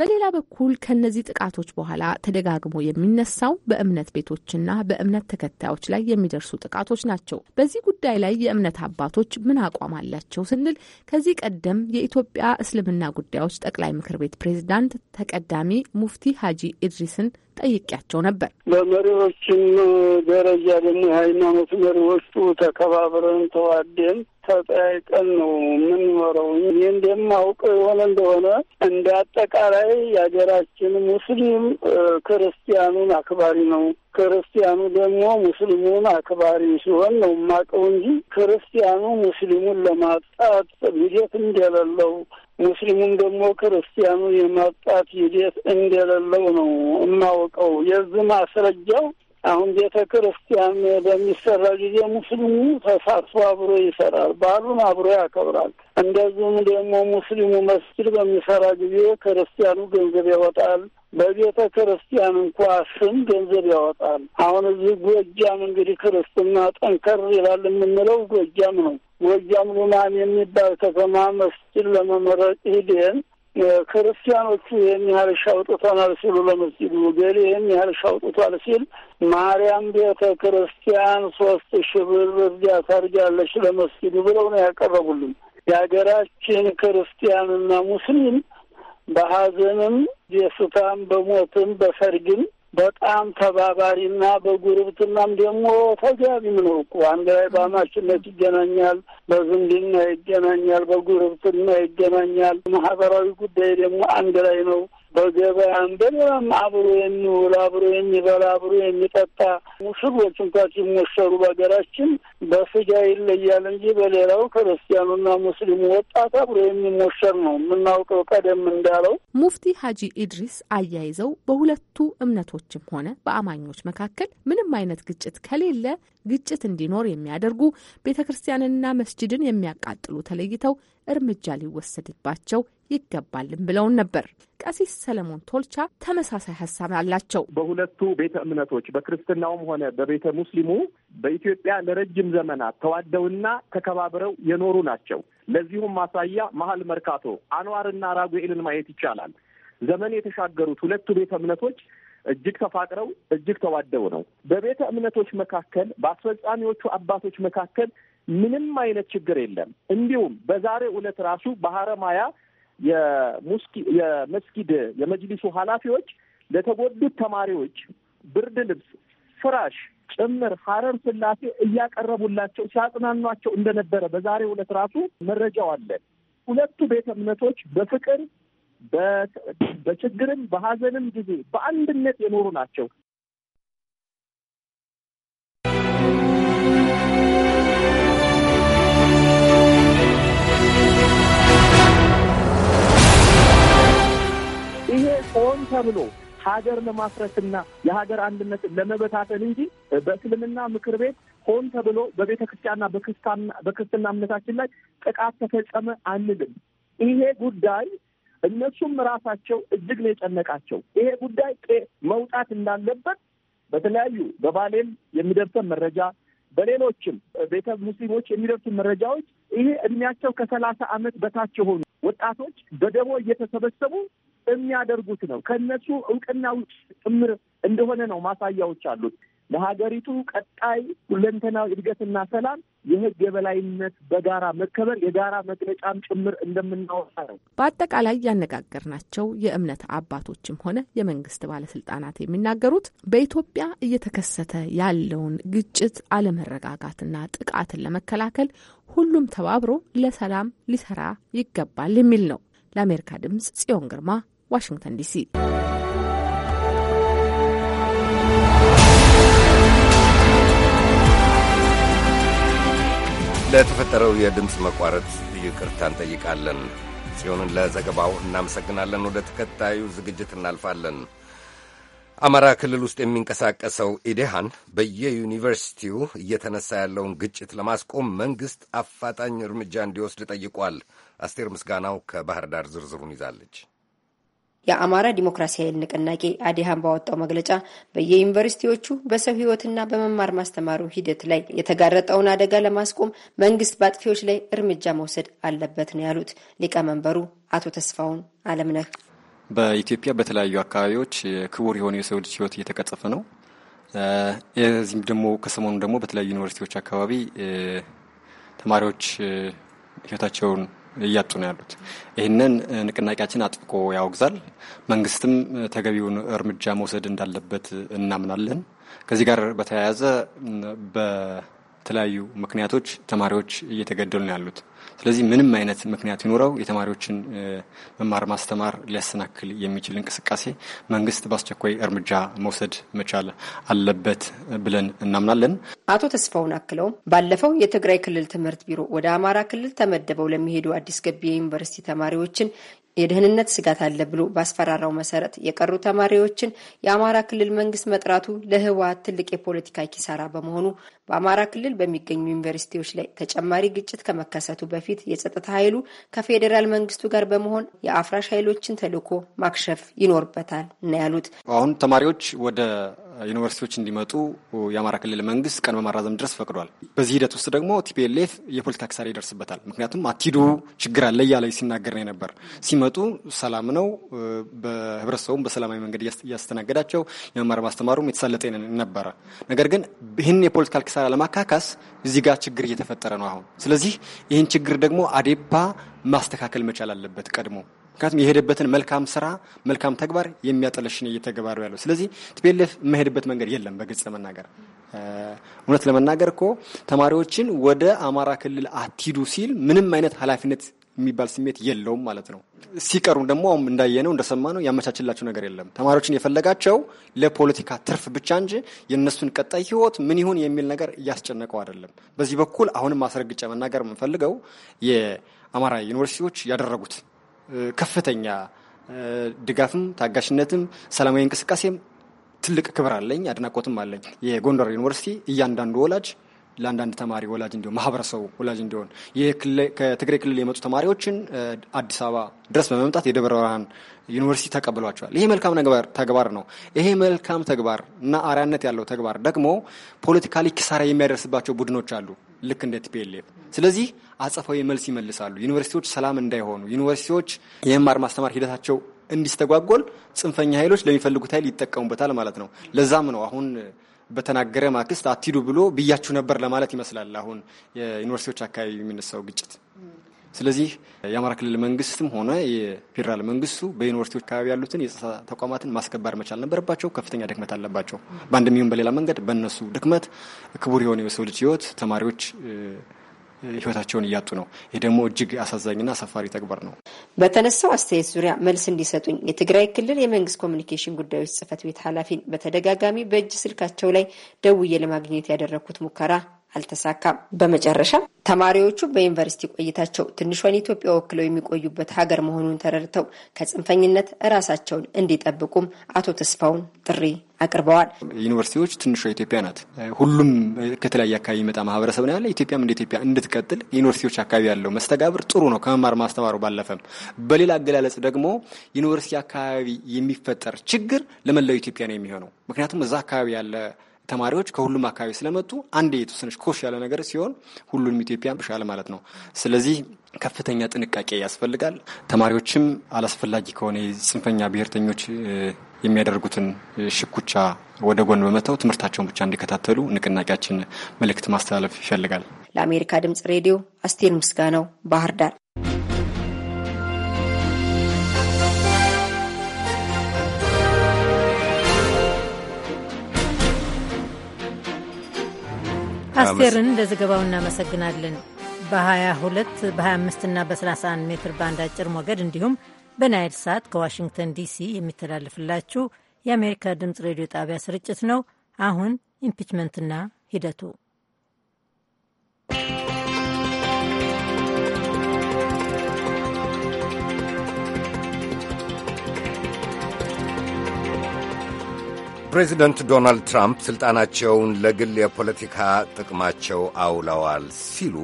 በሌላ በኩል ከእነዚህ ጥቃቶች በኋላ ተደጋግሞ የሚነሳው በእምነት ቤቶችና በእምነት ተከታዮች ላይ የሚደርሱ ጥቃቶች ናቸው። በዚህ ጉዳይ ላይ የእምነት አባቶች ምን አቋም አላቸው ስንል ከዚህ ቀደም የኢትዮጵያ እስልምና ጉዳዮች ጠቅላይ ምክር ቤት ፕሬዝዳንት ተቀዳሚ ሙፍቲ ሀጂ ኢድሪስን ጠይቄያቸው ነበር። በመሪዎችም ደረጃ ደግሞ የሃይማኖት መሪዎቹ ተከባብረን ተዋደን ተጠያይቀን ነው የምንኖረው። ይህ እንደማውቅ የሆነ እንደሆነ እንደ አጠቃላይ የሀገራችን ሙስሊም ክርስቲያኑን አክባሪ ነው፣ ክርስቲያኑ ደግሞ ሙስሊሙን አክባሪ ሲሆን ነው የማውቀው እንጂ ክርስቲያኑ ሙስሊሙን ለማጣት ሂደት እንደሌለው ሙስሊሙም ደግሞ ክርስቲያኑ የማጣት ሂደት እንደሌለው ነው የማውቀው። የዚህ ማስረጃው አሁን ቤተ ክርስቲያን በሚሰራ ጊዜ ሙስሊሙ ተሳትፎ አብሮ ይሰራል፣ ባህሉን አብሮ ያከብራል። እንደዚሁም ደግሞ ሙስሊሙ መስጊድ በሚሰራ ጊዜ ክርስቲያኑ ገንዘብ ያወጣል፣ በቤተ ክርስቲያን እንኳ ስም ገንዘብ ያወጣል። አሁን እዚህ ጎጃም እንግዲህ ክርስትና ጠንከር ይላል የምንለው ጎጃም ነው። ጎጃም ሉማን የሚባል ከተማ መስጅድ ለመመረቅ ሂደን ክርስቲያኖቹ ይህን ያህል ሻውጥተናል ሲሉ ለመስጅዱ ገሌ ይህን ያህል ሻውጥቷል ሲል ማርያም ቤተ ክርስቲያን ሶስት ሺህ ብር እርዳታ አድርጋለች ለመስጅዱ ብለው ነው ያቀረቡልን። የሀገራችን ክርስቲያንና ሙስሊም በሀዘንም የሱታም በሞትም በሰርግም በጣም ተባባሪና በጉርብትናም ደግሞ ተጋቢም ነው እኮ አንድ ላይ በአማችነት ይገናኛል፣ በዝምድና ይገናኛል፣ በጉርብትና ይገናኛል። ማህበራዊ ጉዳይ ደግሞ አንድ ላይ ነው። በገበያም በሌላም አብሮ የሚውል አብሮ የሚበላ አብሮ የሚጠጣ ሙስሎች እንኳ ሲሞሸሩ በሀገራችን በስጋ ይለያል እንጂ በሌላው ክርስቲያኑና ሙስሊሙ ወጣት አብሮ የሚሞሸር ነው የምናውቀው። ቀደም እንዳለው ሙፍቲ ሀጂ ኢድሪስ አያይዘው በሁለቱ እምነቶችም ሆነ በአማኞች መካከል ምንም አይነት ግጭት ከሌለ ግጭት እንዲኖር የሚያደርጉ ቤተ ክርስቲያንና መስጅድን የሚያቃጥሉ ተለይተው እርምጃ ሊወሰድባቸው ይገባልም ብለውን ነበር። ቀሲስ ሰለሞን ቶልቻ ተመሳሳይ ሀሳብ አላቸው። በሁለቱ ቤተ እምነቶች በክርስትናውም ሆነ በቤተ ሙስሊሙ በኢትዮጵያ ለረጅም ዘመናት ተዋደውና ተከባብረው የኖሩ ናቸው። ለዚሁም ማሳያ መሀል መርካቶ አንዋርና ራጉኤልን ማየት ይቻላል። ዘመን የተሻገሩት ሁለቱ ቤተ እምነቶች እጅግ ተፋቅረው እጅግ ተዋደው ነው። በቤተ እምነቶች መካከል በአስፈጻሚዎቹ አባቶች መካከል ምንም አይነት ችግር የለም። እንዲሁም በዛሬ ዕለት ራሱ ማያ የመስጊድ የመጅሊሱ ኃላፊዎች ለተጎዱት ተማሪዎች ብርድ ልብስ፣ ፍራሽ ጭምር ሀረር ስላሴ እያቀረቡላቸው ሲያጽናኗቸው እንደነበረ በዛሬ ዕለት ራሱ መረጃው አለ። ሁለቱ ቤተ እምነቶች በፍቅር በችግርም በሀዘንም ጊዜ በአንድነት የኖሩ ናቸው። ተብሎ ሀገር ለማፍረስና የሀገር አንድነት ለመበታተን እንጂ በእስልምና ምክር ቤት ሆን ተብሎ በቤተ ክርስቲያንና በክርስትና እምነታችን ላይ ጥቃት ተፈጸመ አንልም። ይሄ ጉዳይ እነሱም ራሳቸው እጅግ ነው የጨነቃቸው። ይሄ ጉዳይ መውጣት እንዳለበት በተለያዩ በባሌም የሚደርሰን መረጃ በሌሎችም ቤተ ሙስሊሞች የሚደርሱ መረጃዎች ይሄ እድሜያቸው ከሰላሳ ዓመት በታች የሆኑ ወጣቶች በደቦ እየተሰበሰቡ በሚያደርጉት ነው። ከእነሱ እውቅና ውጭ ጭምር እንደሆነ ነው ማሳያዎች አሉት። ለሀገሪቱ ቀጣይ ሁለንተናዊ እድገትና ሰላም የህግ የበላይነት በጋራ መከበር የጋራ መግለጫም ጭምር እንደምናወሳ ነው። በአጠቃላይ ያነጋገርናቸው የእምነት አባቶችም ሆነ የመንግስት ባለስልጣናት የሚናገሩት በኢትዮጵያ እየተከሰተ ያለውን ግጭት፣ አለመረጋጋትና ጥቃትን ለመከላከል ሁሉም ተባብሮ ለሰላም ሊሰራ ይገባል የሚል ነው። ለአሜሪካ ድምጽ ጽዮን ግርማ ዋሽንግተን ዲሲ። ለተፈጠረው የድምፅ መቋረጥ ይቅርታ እንጠይቃለን። ጽዮንን ለዘገባው እናመሰግናለን። ወደ ተከታዩ ዝግጅት እናልፋለን። አማራ ክልል ውስጥ የሚንቀሳቀሰው ኢዴሃን በየዩኒቨርሲቲው እየተነሳ ያለውን ግጭት ለማስቆም መንግሥት አፋጣኝ እርምጃ እንዲወስድ ጠይቋል። አስቴር ምስጋናው ከባህር ዳር ዝርዝሩን ይዛለች። የአማራ ኃይል ንቅናቄ አዲሃን ባወጣው መግለጫ በየዩኒቨርሲቲዎቹ በሰው ህይወትና በመማር ማስተማሩ ሂደት ላይ የተጋረጠውን አደጋ ለማስቆም መንግስት በአጥፊዎች ላይ እርምጃ መውሰድ አለበት ነው ያሉት ሊቀመንበሩ አቶ ተስፋውን አለምነህ። በኢትዮጵያ በተለያዩ አካባቢዎች ክቡር የሆነ የሰው ልጅ ህይወት እየተቀጸፈ ነው። እዚህም ደግሞ ከሰሞኑ ደግሞ በተለያዩ ዩኒቨርሲቲዎች አካባቢ ተማሪዎች ህይወታቸውን እያጡ ነው ያሉት። ይህንን ንቅናቄያችን አጥብቆ ያወግዛል። መንግስትም ተገቢውን እርምጃ መውሰድ እንዳለበት እናምናለን። ከዚህ ጋር በተያያዘ በተለያዩ ምክንያቶች ተማሪዎች እየተገደሉ ነው ያሉት። ስለዚህ ምንም አይነት ምክንያት ይኖረው የተማሪዎችን መማር ማስተማር ሊያሰናክል የሚችል እንቅስቃሴ መንግስት በአስቸኳይ እርምጃ መውሰድ መቻል አለበት ብለን እናምናለን። አቶ ተስፋውን አክለውም ባለፈው የትግራይ ክልል ትምህርት ቢሮ ወደ አማራ ክልል ተመደበው ለሚሄዱ አዲስ ገቢ የዩኒቨርሲቲ ተማሪዎችን የደህንነት ስጋት አለ ብሎ ባስፈራራው መሰረት የቀሩ ተማሪዎችን የአማራ ክልል መንግስት መጥራቱ ለህወሀት ትልቅ የፖለቲካ ኪሳራ በመሆኑ በአማራ ክልል በሚገኙ ዩኒቨርሲቲዎች ላይ ተጨማሪ ግጭት ከመከሰቱ በፊት የጸጥታ ኃይሉ ከፌዴራል መንግስቱ ጋር በመሆን የአፍራሽ ኃይሎችን ተልዕኮ ማክሸፍ ይኖርበታል ነው ያሉት። አሁን ተማሪዎች ወደ ዩኒቨርሲቲዎች እንዲመጡ የአማራ ክልል መንግስት ቀን በማራዘም ድረስ ፈቅዷል። በዚህ ሂደት ውስጥ ደግሞ ቲፒኤልኤፍ የፖለቲካ ክሳሪ ይደርስበታል። ምክንያቱም አትሂዱ ችግር አለ እያለ ሲናገር ነው ነበር። ሲመጡ ሰላም ነው፣ በህብረተሰቡም በሰላማዊ መንገድ እያስተናገዳቸው የመማር ማስተማሩም የተሳለጠ ነበረ። ነገር ግን ይህን የፖለቲካ ኪሳራ ለማካካስ እዚህ ጋር ችግር እየተፈጠረ ነው አሁን። ስለዚህ ይህን ችግር ደግሞ አዴፓ ማስተካከል መቻል አለበት ቀድሞ ምክንያቱም የሄደበትን መልካም ስራ መልካም ተግባር የሚያጠለሽን እየተገባሩ ያለው። ስለዚህ ቲፒኤልኤፍ የማሄድበት መንገድ የለም። በግልጽ ለመናገር እውነት ለመናገር እኮ ተማሪዎችን ወደ አማራ ክልል አትሂዱ ሲል ምንም አይነት ኃላፊነት የሚባል ስሜት የለውም ማለት ነው። ሲቀሩ ደግሞ አሁን እንዳየነው እንደሰማነው ያመቻችላቸው ነገር የለም። ተማሪዎችን የፈለጋቸው ለፖለቲካ ትርፍ ብቻ እንጂ የእነሱን ቀጣይ ህይወት ምን ይሁን የሚል ነገር እያስጨነቀው አይደለም። በዚህ በኩል አሁንም ማስረግጫ መናገር የምንፈልገው የአማራ ዩኒቨርሲቲዎች ያደረጉት ከፍተኛ ድጋፍም ታጋሽነትም ሰላማዊ እንቅስቃሴም ትልቅ ክብር አለኝ፣ አድናቆትም አለኝ። የጎንደር ዩኒቨርሲቲ እያንዳንዱ ወላጅ ለአንዳንድ ተማሪ ወላጅ እንዲሆን ማህበረሰቡ ወላጅ እንዲሆን ከትግራይ ክልል የመጡ ተማሪዎችን አዲስ አበባ ድረስ በመምጣት የደብረ ብርሃን ዩኒቨርሲቲ ተቀብሏቸዋል። ይሄ መልካም ተግባር ነው። ይሄ መልካም ተግባር እና አርያነት ያለው ተግባር ደግሞ ፖለቲካሊ ኪሳራ የሚያደርስባቸው ቡድኖች አሉ፣ ልክ እንደ ቲፒኤልኤፍ። ስለዚህ አጸፋዊ መልስ ይመልሳሉ። ዩኒቨርሲቲዎች ሰላም እንዳይሆኑ፣ ዩኒቨርሲቲዎች የመማር ማስተማር ሂደታቸው እንዲስተጓጎል ጽንፈኛ ኃይሎች ለሚፈልጉት ኃይል ይጠቀሙበታል ማለት ነው። ለዛም ነው አሁን በተናገረ ማክስት አትሂዱ ብሎ ብያችሁ ነበር ለማለት ይመስላል አሁን የዩኒቨርሲቲዎች አካባቢ የሚነሳው ግጭት። ስለዚህ የአማራ ክልል መንግስትም ሆነ የፌዴራል መንግስቱ በዩኒቨርሲቲዎች አካባቢ ያሉትን የጸጥታ ተቋማትን ማስከበር መቻል ነበረባቸው። ከፍተኛ ድክመት አለባቸው። በአንድ የሚሆን በሌላ መንገድ በእነሱ ድክመት ክቡር የሆነ የሰው ልጅ ህይወት፣ ተማሪዎች ህይወታቸውን እያጡ ነው። ይህ ደግሞ እጅግ አሳዛኝና አሳፋሪ ተግባር ነው። በተነሳው አስተያየት ዙሪያ መልስ እንዲሰጡኝ የትግራይ ክልል የመንግስት ኮሚኒኬሽን ጉዳዮች ጽህፈት ቤት ኃላፊን በተደጋጋሚ በእጅ ስልካቸው ላይ ደውዬ ለማግኘት ያደረግኩት ሙከራ አልተሳካም። በመጨረሻ ተማሪዎቹ በዩኒቨርሲቲ ቆይታቸው ትንሿን ኢትዮጵያ ወክለው የሚቆዩበት ሀገር መሆኑን ተረድተው ከጽንፈኝነት እራሳቸውን እንዲጠብቁም አቶ ተስፋውን ጥሪ አቅርበዋል። ዩኒቨርሲቲዎች ትንሿ ኢትዮጵያ ናት። ሁሉም ከተለያየ አካባቢ የሚመጣ ማህበረሰብ ነው ያለ። ኢትዮጵያም እንደ ኢትዮጵያ እንድትቀጥል ዩኒቨርሲቲዎች አካባቢ ያለው መስተጋብር ጥሩ ነው፣ ከመማር ማስተማሩ ባለፈም። በሌላ አገላለጽ ደግሞ ዩኒቨርሲቲ አካባቢ የሚፈጠር ችግር ለመላው ኢትዮጵያ ነው የሚሆነው። ምክንያቱም እዛ አካባቢ ያለ ተማሪዎች ከሁሉም አካባቢ ስለመጡ አንድ የተወሰነች ኮሽ ያለ ነገር ሲሆን ሁሉንም ኢትዮጵያ ብሻለ ማለት ነው። ስለዚህ ከፍተኛ ጥንቃቄ ያስፈልጋል። ተማሪዎችም አላስፈላጊ ከሆነ የጽንፈኛ ብሔርተኞች የሚያደርጉትን ሽኩቻ ወደ ጎን በመተው ትምህርታቸውን ብቻ እንዲከታተሉ ንቅናቄያችን መልእክት ማስተላለፍ ይፈልጋል። ለአሜሪካ ድምጽ ሬዲዮ አስቴር ምስጋናው ባህር ዳር። አስቴርን ለዘገባው እናመሰግናለን። በ22 በ25 እና በ31 ሜትር ባንድ አጭር ሞገድ እንዲሁም በናይል ሳት ከዋሽንግተን ዲሲ የሚተላለፍላችሁ የአሜሪካ ድምፅ ሬዲዮ ጣቢያ ስርጭት ነው። አሁን ኢምፒችመንትና ሂደቱ ፕሬዚደንት ዶናልድ ትራምፕ ሥልጣናቸውን ለግል የፖለቲካ ጥቅማቸው አውለዋል ሲሉ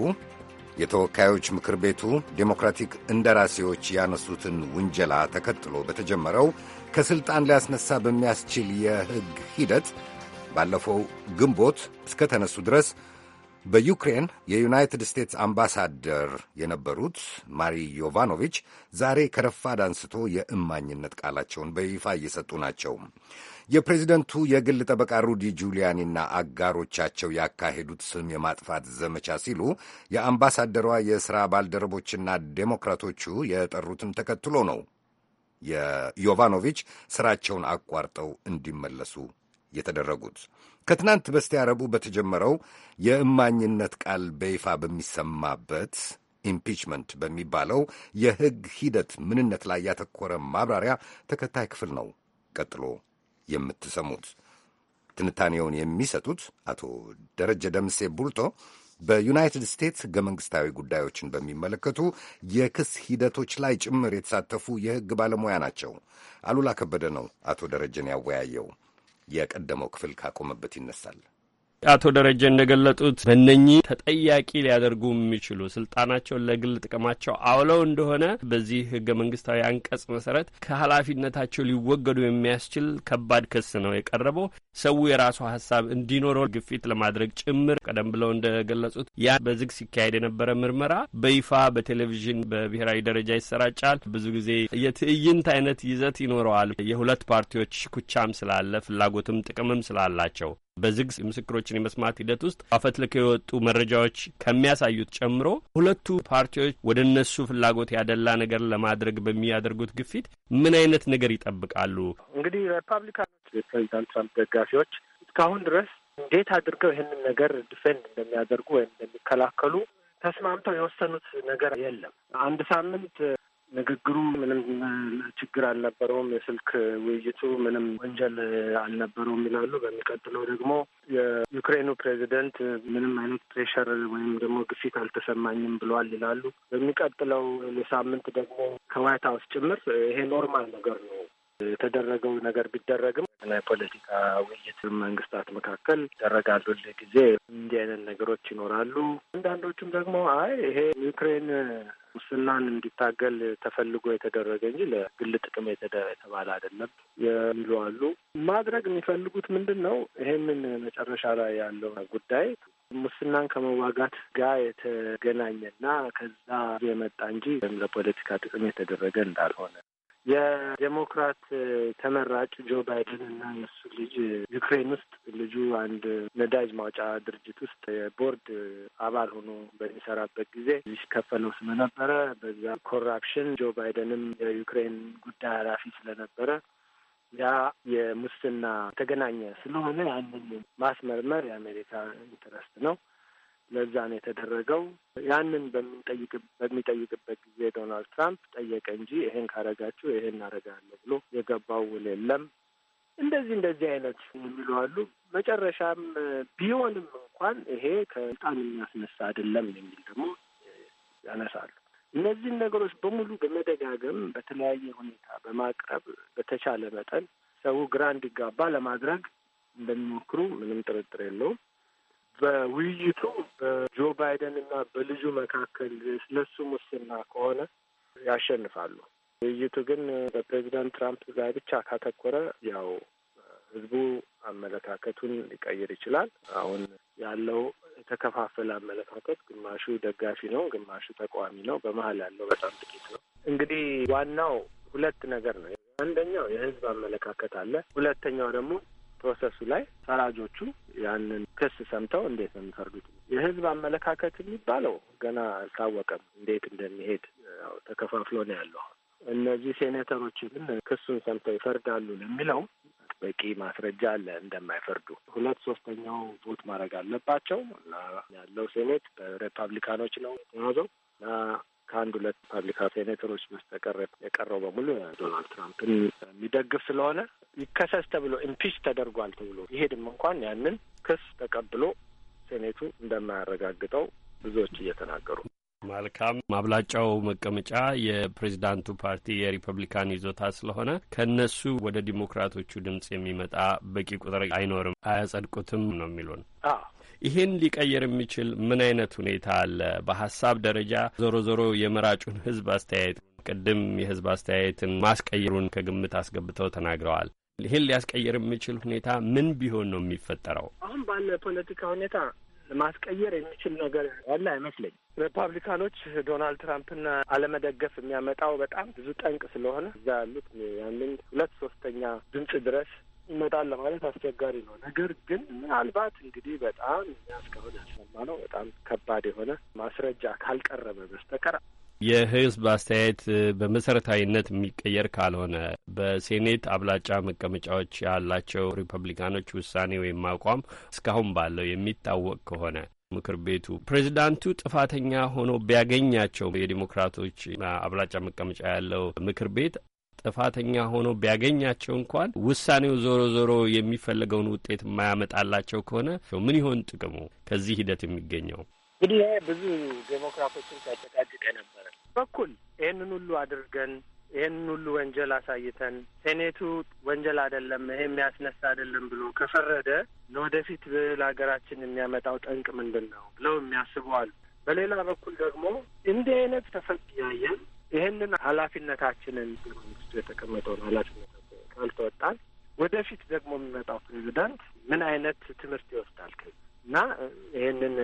የተወካዮች ምክር ቤቱ ዴሞክራቲክ እንደራሴዎች ያነሱትን ውንጀላ ተከትሎ በተጀመረው ከሥልጣን ሊያስነሳ በሚያስችል የሕግ ሂደት ባለፈው ግንቦት እስከ ተነሱ ድረስ በዩክሬን የዩናይትድ ስቴትስ አምባሳደር የነበሩት ማሪ ዮቫኖቪች ዛሬ ከረፋድ አንስቶ የእማኝነት ቃላቸውን በይፋ እየሰጡ ናቸው። የፕሬዚደንቱ የግል ጠበቃ ሩዲ ጁሊያኒና አጋሮቻቸው ያካሄዱት ስም የማጥፋት ዘመቻ ሲሉ የአምባሳደሯ የሥራ ባልደረቦችና ዴሞክራቶቹ የጠሩትን ተከትሎ ነው የዮቫኖቪች ሥራቸውን አቋርጠው እንዲመለሱ የተደረጉት። ከትናንት በስቲያ ረቡዕ በተጀመረው የእማኝነት ቃል በይፋ በሚሰማበት ኢምፒችመንት በሚባለው የሕግ ሂደት ምንነት ላይ ያተኮረ ማብራሪያ ተከታይ ክፍል ነው ቀጥሎ የምትሰሙት። ትንታኔውን የሚሰጡት አቶ ደረጀ ደምሴ ቡልቶ በዩናይትድ ስቴትስ ሕገ መንግሥታዊ ጉዳዮችን በሚመለከቱ የክስ ሂደቶች ላይ ጭምር የተሳተፉ የሕግ ባለሙያ ናቸው። አሉላ ከበደ ነው አቶ ደረጀን ያወያየው። የቀደመው ክፍል ካቆመበት ይነሳል። አቶ ደረጀ እንደገለጡት በነኚህ ተጠያቂ ሊያደርጉ የሚችሉ ስልጣናቸውን ለግል ጥቅማቸው አውለው እንደሆነ በዚህ ህገ መንግስታዊ አንቀጽ መሰረት ከኃላፊነታቸው ሊወገዱ የሚያስችል ከባድ ክስ ነው የቀረበው። ሰው የራሱ ሀሳብ እንዲኖረው ግፊት ለማድረግ ጭምር ቀደም ብለው እንደገለጹት ያ በዝግ ሲካሄድ የነበረ ምርመራ በይፋ በቴሌቪዥን በብሔራዊ ደረጃ ይሰራጫል። ብዙ ጊዜ የትዕይንት አይነት ይዘት ይኖረዋል። የሁለት ፓርቲዎች ሽኩቻም ስላለ ፍላጎትም ጥቅምም ስላላቸው በዝግ ምስክሮችን የመስማት ሂደት ውስጥ አፈትልክ የወጡ መረጃዎች ከሚያሳዩት ጨምሮ ሁለቱ ፓርቲዎች ወደ እነሱ ፍላጎት ያደላ ነገር ለማድረግ በሚያደርጉት ግፊት ምን አይነት ነገር ይጠብቃሉ? እንግዲህ ሪፐብሊካኖች የፕሬዚዳንት ትራምፕ ደጋፊዎች እስካሁን ድረስ እንዴት አድርገው ይህንን ነገር ዲፌንድ እንደሚያደርጉ ወይም እንደሚከላከሉ ተስማምተው የወሰኑት ነገር የለም። አንድ ሳምንት ንግግሩ ምንም ችግር አልነበረውም፣ የስልክ ውይይቱ ምንም ወንጀል አልነበረውም ይላሉ። በሚቀጥለው ደግሞ የዩክሬኑ ፕሬዚደንት ምንም አይነት ፕሬሸር ወይም ደግሞ ግፊት አልተሰማኝም ብለዋል ይላሉ። በሚቀጥለው ሳምንት ደግሞ ከዋይት ሀውስ ጭምር ይሄ ኖርማል ነገር ነው የተደረገው ነገር ቢደረግም ለፖለቲካ ውይይት መንግስታት መካከል ይደረጋሉ። ጊዜ እንዲህ አይነት ነገሮች ይኖራሉ። አንዳንዶቹም ደግሞ አይ ይሄ ዩክሬን ሙስናን እንዲታገል ተፈልጎ የተደረገ እንጂ ለግል ጥቅም የተባለ አይደለም የሚሉ አሉ። ማድረግ የሚፈልጉት ምንድን ነው? ይሄንን መጨረሻ ላይ ያለው ጉዳይ ሙስናን ከመዋጋት ጋር የተገናኘና ከዛ የመጣ እንጂ ለፖለቲካ ጥቅም የተደረገ እንዳልሆነ የዴሞክራት ተመራጭ ጆ ባይደን እና የእሱ ልጅ ዩክሬን ውስጥ ልጁ አንድ ነዳጅ ማውጫ ድርጅት ውስጥ የቦርድ አባል ሆኖ በሚሰራበት ጊዜ ሲከፈለው ስለነበረ በዛ ኮራፕሽን ጆ ባይደንም የዩክሬን ጉዳይ ኃላፊ ስለነበረ ያ የሙስና የተገናኘ ስለሆነ ያንን ማስመርመር የአሜሪካ ኢንትረስት ነው። ለዛ ነው የተደረገው። ያንን በሚጠይቅበት ጊዜ ዶናልድ ትራምፕ ጠየቀ እንጂ ይሄን ካረጋችሁ ይሄን እናረጋለሁ ብሎ የገባው ውል የለም። እንደዚህ እንደዚህ አይነት የሚሉ አሉ። መጨረሻም ቢሆንም እንኳን ይሄ ከስልጣን የሚያስነሳ አይደለም የሚል ደግሞ ያነሳሉ። እነዚህን ነገሮች በሙሉ በመደጋገም በተለያየ ሁኔታ በማቅረብ በተቻለ መጠን ሰው ግራ እንዲጋባ ለማድረግ እንደሚሞክሩ ምንም ጥርጥር የለውም። በውይይቱ በጆ ባይደን እና በልጁ መካከል ስለሱ ሙስና ከሆነ ያሸንፋሉ። ውይይቱ ግን በፕሬዚዳንት ትራምፕ ላይ ብቻ ካተኮረ ያው ህዝቡ አመለካከቱን ሊቀይር ይችላል። አሁን ያለው የተከፋፈለ አመለካከት ግማሹ ደጋፊ ነው፣ ግማሹ ተቃዋሚ ነው። በመሀል ያለው በጣም ጥቂት ነው። እንግዲህ ዋናው ሁለት ነገር ነው። አንደኛው የህዝብ አመለካከት አለ። ሁለተኛው ደግሞ ፕሮሰሱ ላይ ፈራጆቹ ያንን ክስ ሰምተው እንዴት ነው የሚፈርዱት? የህዝብ አመለካከት የሚባለው ገና አልታወቀም፣ እንዴት እንደሚሄድ ተከፋፍሎ ነው ያለው። እነዚህ ሴኔተሮችን ክሱን ሰምተው ይፈርዳሉ ለሚለው በቂ ማስረጃ አለ እንደማይፈርዱ። ሁለት ሶስተኛው ቦት ማድረግ አለባቸው እና ያለው ሴኔት በሪፐብሊካኖች ነው የተያዘው እና ከአንድ ሁለት ሪፐብሊካን ሴኔተሮች በስተቀር የቀረው በሙሉ ዶናልድ ትራምፕን የሚደግፍ ስለሆነ ይከሰስ ተብሎ ኢምፒች ተደርጓል ተብሎ ይሄድም እንኳን ያንን ክስ ተቀብሎ ሴኔቱ እንደማያረጋግጠው ብዙዎች እየተናገሩ መልካም ማብላጫው መቀመጫ የፕሬዚዳንቱ ፓርቲ የሪፐብሊካን ይዞታ ስለሆነ ከነሱ ወደ ዲሞክራቶቹ ድምጽ የሚመጣ በቂ ቁጥር አይኖርም፣ አያጸድቁትም ነው የሚሉን። ይሄን ሊቀየር የሚችል ምን አይነት ሁኔታ አለ? በሀሳብ ደረጃ ዞሮ ዞሮ የመራጩን ህዝብ አስተያየት ቅድም የህዝብ አስተያየትን ማስቀየሩን ከግምት አስገብተው ተናግረዋል። ይህን ሊያስቀየር የሚችል ሁኔታ ምን ቢሆን ነው የሚፈጠረው? አሁን ባለ ፖለቲካ ሁኔታ ማስቀየር የሚችል ነገር ያለ አይመስለኝ። ሪፐብሊካኖች ዶናልድ ትራምፕን አለመደገፍ የሚያመጣው በጣም ብዙ ጠንቅ ስለሆነ እዛ ያሉት ያንን ሁለት ሶስተኛ ድምፅ ድረስ ይመጣል ለማለት አስቸጋሪ ነው። ነገር ግን ምናልባት እንግዲህ በጣም እኛ ያሰማ ነው በጣም ከባድ የሆነ ማስረጃ ካልቀረበ በስተቀር የህዝብ አስተያየት በመሰረታዊነት የሚቀየር ካልሆነ በሴኔት አብላጫ መቀመጫዎች ያላቸው ሪፐብሊካኖች ውሳኔ ወይም አቋም እስካሁን ባለው የሚታወቅ ከሆነ ምክር ቤቱ ፕሬዚዳንቱ ጥፋተኛ ሆኖ ቢያገኛቸው የዲሞክራቶች አብላጫ መቀመጫ ያለው ምክር ቤት ጥፋተኛ ሆኖ ቢያገኛቸው እንኳን ውሳኔው ዞሮ ዞሮ የሚፈለገውን ውጤት የማያመጣላቸው ከሆነ ምን ይሆን ጥቅሙ ከዚህ ሂደት የሚገኘው? እንግዲህ ይሄ ብዙ ዴሞክራቶችን ሲያጨቃጭቀ ነበረ። በኩል ይህንን ሁሉ አድርገን ይህንን ሁሉ ወንጀል አሳይተን ሴኔቱ ወንጀል አይደለም ይሄ የሚያስነሳ አይደለም ብሎ ከፈረደ ለወደፊት ለሀገራችን የሚያመጣው ጠንቅ ምንድን ነው ብለው የሚያስቡ አሉ። በሌላ በኩል ደግሞ እንዲህ አይነት ተፈቅ ይህንን ኃላፊነታችንን መንግስቱ የተቀመጠውን ኃላፊነት ካልተወጣን ወደፊት ደግሞ የሚመጣው ፕሬዚዳንት ምን አይነት ትምህርት ይወስዳል እና ይህንን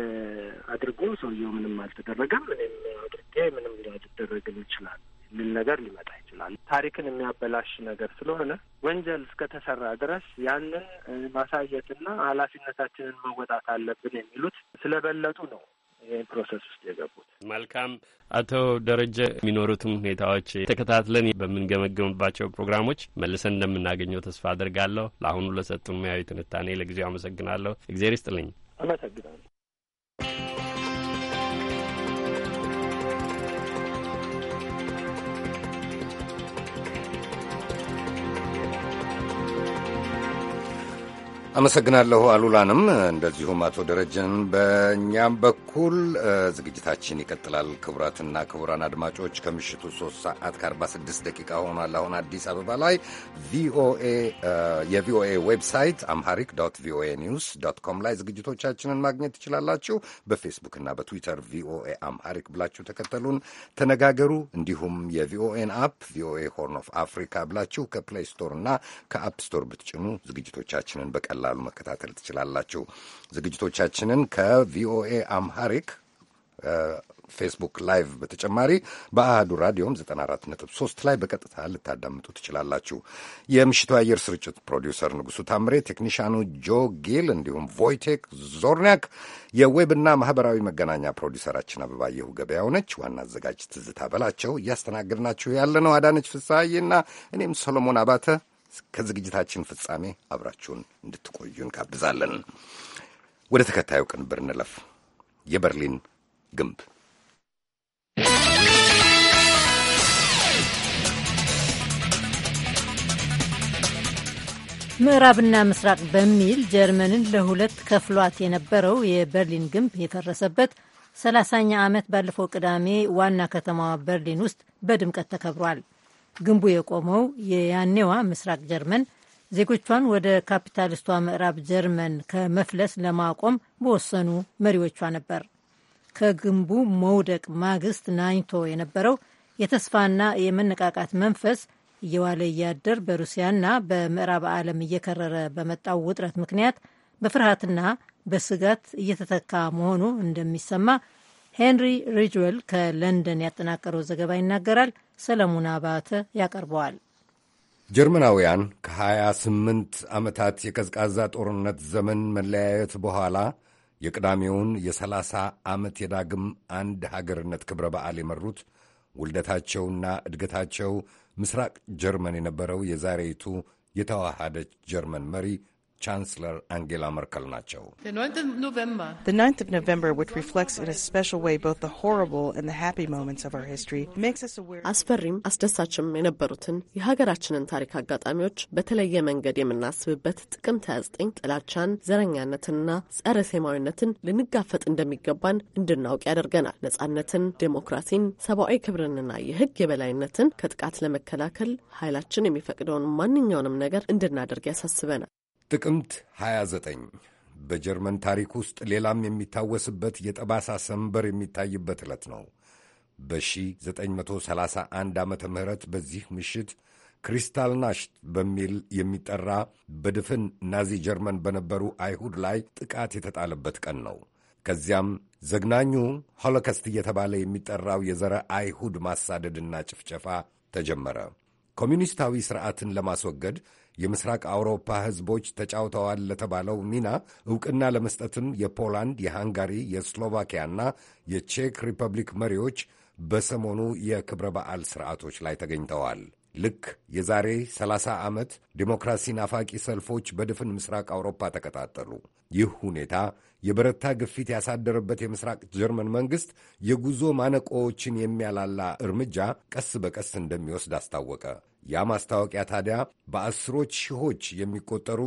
አድርጎ ሰውየው ምንም አልተደረገም፣ እኔም አድርጌ ምንም ሊያደረግም ይችላል የሚል ነገር ሊመጣ ይችላል። ታሪክን የሚያበላሽ ነገር ስለሆነ ወንጀል እስከተሰራ ድረስ ያንን ማሳየትና ኃላፊነታችንን መወጣት አለብን የሚሉት ስለበለጡ ነው ይህን ፕሮሰስ ውስጥ የገቡት። መልካም አቶ ደረጀ፣ የሚኖሩትም ሁኔታዎች ተከታትለን በምንገመገምባቸው ፕሮግራሞች መልሰን እንደምናገኘው ተስፋ አድርጋለሁ። ለአሁኑ ለሰጡን ሙያዊ ትንታኔ ለጊዜው አመሰግናለሁ። እግዜር ይስጥልኝ። አመሰግናለሁ። አመሰግናለሁ አሉላንም፣ እንደዚሁም አቶ ደረጀን። በእኛም በኩል ዝግጅታችን ይቀጥላል። ክቡራትና ክቡራን አድማጮች ከምሽቱ 3 ሰዓት ከ46 ደቂቃ ሆኗል። አሁን አዲስ አበባ ላይ ቪኦኤ የቪኦኤ ዌብሳይት አምሃሪክ ዶት ቪኦኤ ኒውስ ዶት ኮም ላይ ዝግጅቶቻችንን ማግኘት ትችላላችሁ። በፌስቡክና በትዊተር ቪኦኤ አምሃሪክ ብላችሁ ተከተሉን፣ ተነጋገሩ። እንዲሁም የቪኦኤን አፕ ቪኦኤ ሆርን ኦፍ አፍሪካ ብላችሁ ከፕሌይ ስቶር እና ከአፕ ስቶር ብትጭኑ ዝግጅቶቻችንን በቀላል በቀላሉ መከታተል ትችላላችሁ። ዝግጅቶቻችንን ከቪኦኤ አምሃሪክ ፌስቡክ ላይቭ በተጨማሪ በአህዱ ራዲዮም 94.3 ላይ በቀጥታ ልታዳምጡ ትችላላችሁ። የምሽቱ አየር ስርጭት ፕሮዲውሰር ንጉሱ ታምሬ፣ ቴክኒሻኑ ጆ ጊል እንዲሁም ቮይቴክ ዞርኒያክ፣ የዌብና ማህበራዊ መገናኛ ፕሮዲውሰራችን አበባየሁ ገበያው ነች። ዋና አዘጋጅ ትዝታ በላቸው። እያስተናግድናችሁ ያለ ነው አዳነች ፍስሐዬና እኔም ሰሎሞን አባተ ከዝግጅታችን ፍጻሜ አብራችሁን እንድትቆዩ እንጋብዛለን። ወደ ተከታዩ ቅንብር እንለፍ። የበርሊን ግንብ ምዕራብና ምስራቅ በሚል ጀርመንን ለሁለት ከፍሏት የነበረው የበርሊን ግንብ የፈረሰበት ሰላሳኛ ዓመት ባለፈው ቅዳሜ ዋና ከተማዋ በርሊን ውስጥ በድምቀት ተከብሯል። ግንቡ የቆመው የያኔዋ ምስራቅ ጀርመን ዜጎቿን ወደ ካፒታሊስቷ ምዕራብ ጀርመን ከመፍለስ ለማቆም በወሰኑ መሪዎቿ ነበር። ከግንቡ መውደቅ ማግስት ናኝቶ የነበረው የተስፋና የመነቃቃት መንፈስ እየዋለ እያደር በሩሲያና በምዕራብ ዓለም እየከረረ በመጣው ውጥረት ምክንያት በፍርሃትና በስጋት እየተተካ መሆኑ እንደሚሰማ ሄንሪ ሪጅዌል ከለንደን ያጠናቀረው ዘገባ ይናገራል። ሰለሞን አባተ ያቀርበዋል። ጀርመናውያን ከ28 ዓመታት የቀዝቃዛ ጦርነት ዘመን መለያየት በኋላ የቅዳሜውን የ30 ዓመት የዳግም አንድ ሀገርነት ክብረ በዓል የመሩት ውልደታቸውና እድገታቸው ምስራቅ ጀርመን የነበረው የዛሬይቱ የተዋሃደች ጀርመን መሪ ቻንስለር አንጌላ መርከል ናቸው። አስፈሪም አስደሳችም የነበሩትን የሀገራችንን ታሪክ አጋጣሚዎች በተለየ መንገድ የምናስብበት ጥቅምት 29 ጥላቻን፣ ዘረኛነትንና ጸረ ሴማዊነትን ልንጋፈጥ እንደሚገባን እንድናውቅ ያደርገናል። ነጻነትን፣ ዴሞክራሲን፣ ሰብአዊ ክብርንና የህግ የበላይነትን ከጥቃት ለመከላከል ኃይላችን የሚፈቅደውን ማንኛውንም ነገር እንድናደርግ ያሳስበናል። ጥቅምት 29 በጀርመን ታሪክ ውስጥ ሌላም የሚታወስበት የጠባሳ ሰንበር የሚታይበት ዕለት ነው። በ1931 ዓመተ ምህረት በዚህ ምሽት ክሪስታል ናሽት በሚል የሚጠራ በድፍን ናዚ ጀርመን በነበሩ አይሁድ ላይ ጥቃት የተጣለበት ቀን ነው። ከዚያም ዘግናኙ ሆሎከስት እየተባለ የሚጠራው የዘረ አይሁድ ማሳደድና ጭፍጨፋ ተጀመረ። ኮሚኒስታዊ ሥርዓትን ለማስወገድ የምስራቅ አውሮፓ ህዝቦች ተጫውተዋል ለተባለው ሚና እውቅና ለመስጠትም የፖላንድ፣ የሃንጋሪ፣ የስሎቫኪያና የቼክ ሪፐብሊክ መሪዎች በሰሞኑ የክብረ በዓል ስርዓቶች ላይ ተገኝተዋል። ልክ የዛሬ 30 ዓመት ዲሞክራሲ ናፋቂ ሰልፎች በድፍን ምስራቅ አውሮፓ ተቀጣጠሉ። ይህ ሁኔታ የበረታ ግፊት ያሳደረበት የምስራቅ ጀርመን መንግሥት የጉዞ ማነቆዎችን የሚያላላ እርምጃ ቀስ በቀስ እንደሚወስድ አስታወቀ። ያ ማስታወቂያ ታዲያ በአስሮች ሺዎች የሚቆጠሩ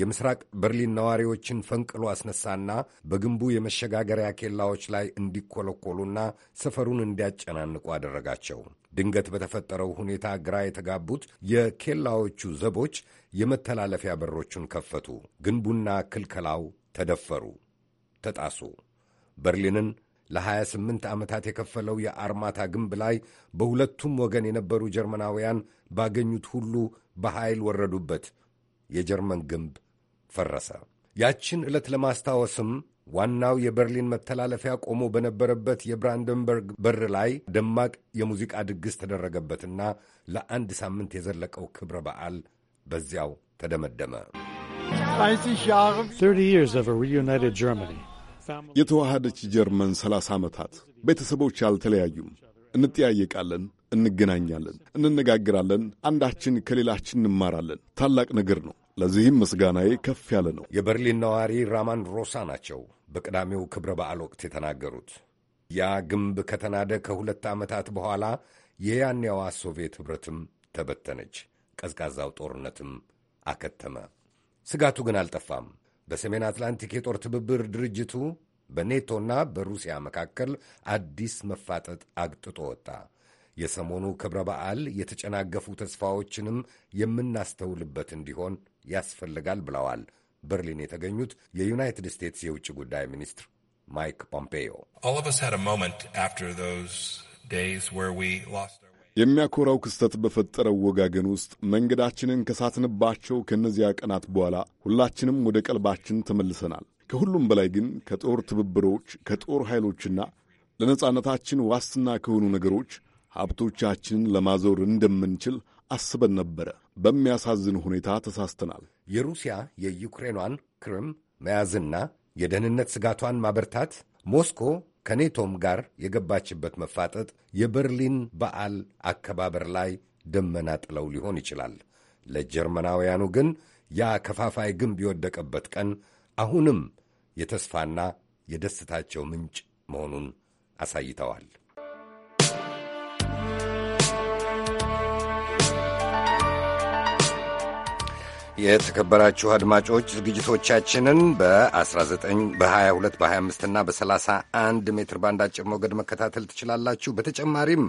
የምስራቅ በርሊን ነዋሪዎችን ፈንቅሎ አስነሳና በግንቡ የመሸጋገሪያ ኬላዎች ላይ እንዲኮለኮሉና ሰፈሩን እንዲያጨናንቁ አደረጋቸው። ድንገት በተፈጠረው ሁኔታ ግራ የተጋቡት የኬላዎቹ ዘቦች የመተላለፊያ በሮቹን ከፈቱ። ግንቡና ክልከላው ተደፈሩ። ተጣሱ። በርሊንን ለ28 ዓመታት የከፈለው የአርማታ ግንብ ላይ በሁለቱም ወገን የነበሩ ጀርመናውያን ባገኙት ሁሉ በኃይል ወረዱበት። የጀርመን ግንብ ፈረሰ። ያችን ዕለት ለማስታወስም ዋናው የበርሊን መተላለፊያ ቆሞ በነበረበት የብራንደንበርግ በር ላይ ደማቅ የሙዚቃ ድግስ ተደረገበትና ለአንድ ሳምንት የዘለቀው ክብረ በዓል በዚያው ተደመደመ። 30 years of a reunited Germany. የተዋሃደች ጀርመን ሰላሳ ዓመታት ቤተሰቦች አልተለያዩም። እንጠያየቃለን፣ እንገናኛለን፣ እንነጋግራለን። አንዳችን ከሌላችን እንማራለን። ታላቅ ነገር ነው። ለዚህም ምስጋናዬ ከፍ ያለ ነው። የበርሊን ነዋሪ ራማን ሮሳ ናቸው በቅዳሜው ክብረ በዓል ወቅት የተናገሩት። ያ ግንብ ከተናደ ከሁለት ዓመታት በኋላ የያኔዋ ሶቪየት ኅብረትም ተበተነች፣ ቀዝቃዛው ጦርነትም አከተመ። ስጋቱ ግን አልጠፋም። በሰሜን አትላንቲክ የጦር ትብብር ድርጅቱ በኔቶና በሩሲያ መካከል አዲስ መፋጠጥ አግጥጦ ወጣ። የሰሞኑ ክብረ በዓል የተጨናገፉ ተስፋዎችንም የምናስተውልበት እንዲሆን ያስፈልጋል ብለዋል በርሊን የተገኙት የዩናይትድ ስቴትስ የውጭ ጉዳይ ሚኒስትር ማይክ ፖምፔዮ። የሚያኮራው ክስተት በፈጠረው ወጋገን ውስጥ መንገዳችንን ከሳትንባቸው ከእነዚያ ቀናት በኋላ ሁላችንም ወደ ቀልባችን ተመልሰናል። ከሁሉም በላይ ግን ከጦር ትብብሮች፣ ከጦር ኃይሎችና ለነጻነታችን ዋስትና ከሆኑ ነገሮች ሀብቶቻችንን ለማዞር እንደምንችል አስበን ነበረ። በሚያሳዝን ሁኔታ ተሳስተናል። የሩሲያ የዩክሬኗን ክርም መያዝና የደህንነት ስጋቷን ማበርታት ሞስኮ ከኔቶም ጋር የገባችበት መፋጠጥ የበርሊን በዓል አከባበር ላይ ደመና ጥለው ሊሆን ይችላል። ለጀርመናውያኑ ግን ያ ከፋፋይ ግንብ የወደቀበት ቀን አሁንም የተስፋና የደስታቸው ምንጭ መሆኑን አሳይተዋል። የተከበራችሁ አድማጮች ዝግጅቶቻችንን በ19 በ22 በ25 እና በ31 ሜትር ባንድ አጭር ሞገድ መከታተል ትችላላችሁ። በተጨማሪም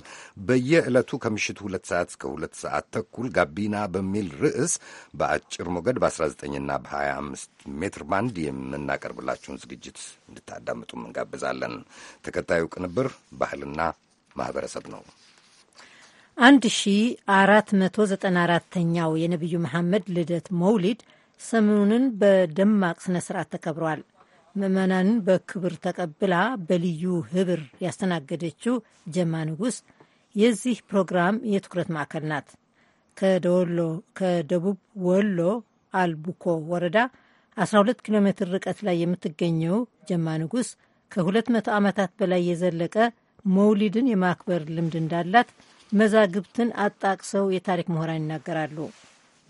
በየዕለቱ ከምሽቱ 2 ሰዓት እስከ 2 ሰዓት ተኩል ጋቢና በሚል ርዕስ በአጭር ሞገድ በ19 እና በ25 ሜትር ባንድ የምናቀርብላችሁን ዝግጅት እንድታዳምጡም እንጋብዛለን። ተከታዩ ቅንብር ባህልና ማህበረሰብ ነው። 1494ኛው የነቢዩ መሐመድ ልደት መውሊድ ሰሞኑን በደማቅ ስነ ስርዓት ተከብሯል። ምዕመናንን በክብር ተቀብላ በልዩ ህብር ያስተናገደችው ጀማ ንጉሥ የዚህ ፕሮግራም የትኩረት ማዕከል ናት። ከደቡብ ወሎ አልቡኮ ወረዳ 12 ኪሎ ሜትር ርቀት ላይ የምትገኘው ጀማ ንጉሥ ከ200 ዓመታት በላይ የዘለቀ መውሊድን የማክበር ልምድ እንዳላት መዛግብትን አጣቅሰው የታሪክ ምሁራን ይናገራሉ።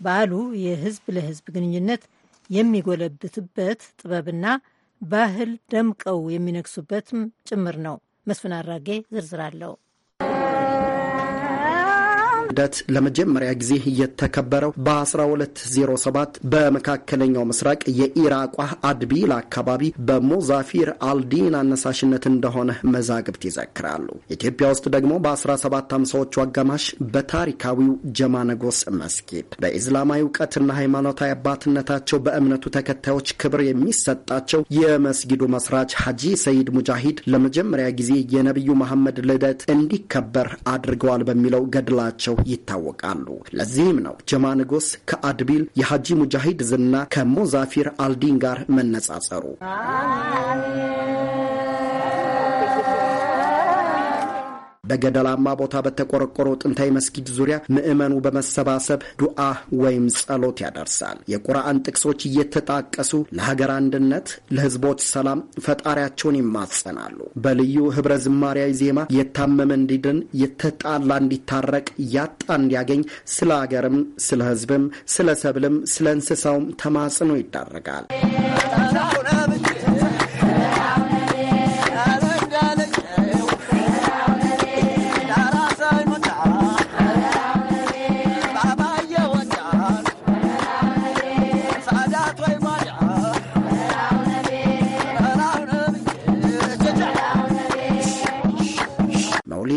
በዓሉ የህዝብ ለህዝብ ግንኙነት የሚጎለብትበት ጥበብና ባህል ደምቀው የሚነግሱበትም ጭምር ነው። መስፍን አራጌ ዝርዝር አለው። ልደት ለመጀመሪያ ጊዜ የተከበረው በ1207 በመካከለኛው ምስራቅ የኢራቋ አድቢል አካባቢ በሞዛፊር አልዲን አነሳሽነት እንደሆነ መዛግብት ይዘክራሉ። ኢትዮጵያ ውስጥ ደግሞ በ1750ዎቹ አጋማሽ በታሪካዊው ጀማነጎስ መስጊድ በኢስላማዊ እውቀትና ሃይማኖታዊ አባትነታቸው በእምነቱ ተከታዮች ክብር የሚሰጣቸው የመስጊዱ መስራች ሐጂ ሰይድ ሙጃሂድ ለመጀመሪያ ጊዜ የነቢዩ መሐመድ ልደት እንዲከበር አድርገዋል በሚለው ገድላቸው ይታወቃሉ። ለዚህም ነው ጀማ ንጉስ ከአድቢል የሐጂ ሙጃሂድ ዝና ከሞዛፊር አልዲን ጋር መነጻጸሩ። በገደላማ ቦታ በተቆረቆረው ጥንታዊ መስጊድ ዙሪያ ምዕመኑ በመሰባሰብ ዱዓ ወይም ጸሎት ያደርሳል። የቁርአን ጥቅሶች እየተጣቀሱ ለሀገር አንድነት፣ ለህዝቦች ሰላም ፈጣሪያቸውን ይማጸናሉ። በልዩ ህብረ ዝማሪያዊ ዜማ የታመመ እንዲድን፣ የተጣላ እንዲታረቅ፣ ያጣ እንዲያገኝ፣ ስለ ሀገርም፣ ስለ ህዝብም፣ ስለ ሰብልም፣ ስለ እንስሳውም ተማጽኖ ይዳረጋል።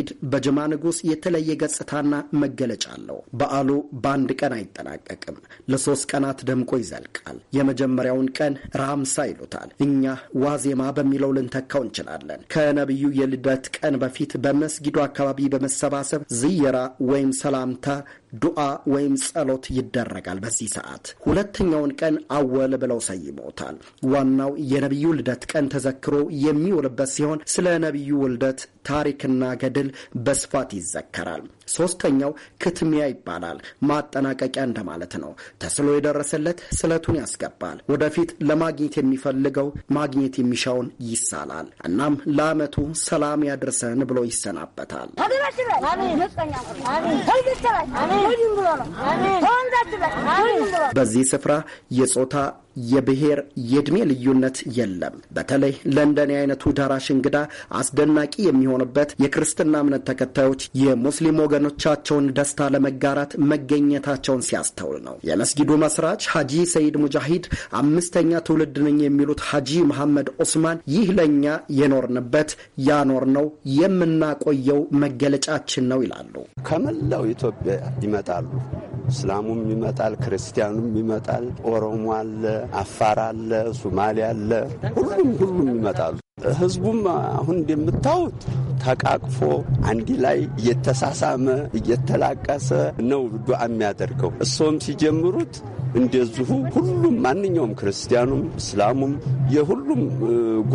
መውሊድ በጅማ ንጉሥ የተለየ ገጽታና መገለጫ አለው። በዓሉ በአንድ ቀን አይጠናቀቅም፣ ለሶስት ቀናት ደምቆ ይዘልቃል። የመጀመሪያውን ቀን ራምሳ ይሉታል። እኛ ዋዜማ በሚለው ልንተካው እንችላለን። ከነቢዩ የልደት ቀን በፊት በመስጊዱ አካባቢ በመሰባሰብ ዝየራ ወይም ሰላምታ ዱዓ ወይም ጸሎት ይደረጋል። በዚህ ሰዓት ሁለተኛውን ቀን አወል ብለው ሰይመውታል። ዋናው የነቢዩ ልደት ቀን ተዘክሮ የሚውልበት ሲሆን ስለ ነቢዩ ውልደት ታሪክና ገድል በስፋት ይዘከራል። ሶስተኛው ክትሚያ ይባላል። ማጠናቀቂያ እንደማለት ነው። ተስሎ የደረሰለት ስለቱን ያስገባል። ወደፊት ለማግኘት የሚፈልገው ማግኘት የሚሻውን ይሳላል። እናም ለአመቱ ሰላም ያድርሰን ብሎ ይሰናበታል። በዚህ ስፍራ የጾታ የብሔር የዕድሜ ልዩነት የለም። በተለይ ለእንደኔ አይነቱ ደራሽ እንግዳ አስደናቂ የሚሆንበት የክርስትና እምነት ተከታዮች የሙስሊም ወገን የወገኖቻቸውን ደስታ ለመጋራት መገኘታቸውን ሲያስተውል ነው። የመስጊዱ መስራች ሐጂ ሰይድ ሙጃሂድ አምስተኛ ትውልድ ነኝ የሚሉት ሐጂ መሐመድ ኦስማን ይህ ለእኛ የኖርንበት ያኖር ነው የምናቆየው መገለጫችን ነው ይላሉ። ከመላው ኢትዮጵያ ይመጣሉ። እስላሙም ይመጣል፣ ክርስቲያኑም ይመጣል፣ ኦሮሞ አለ፣ አፋር አለ፣ ሱማሌ አለ፣ ሁሉም ሁሉም ይመጣሉ። ህዝቡም አሁን እንደምታዩት ተቃቅፎ አንድ ላይ እየተሳሳመ እየተላቀሰ ነው ዱዓ የሚያደርገው። እሶም ሲጀምሩት እንደዚሁ ሁሉም ማንኛውም ክርስቲያኑም፣ እስላሙም የሁሉም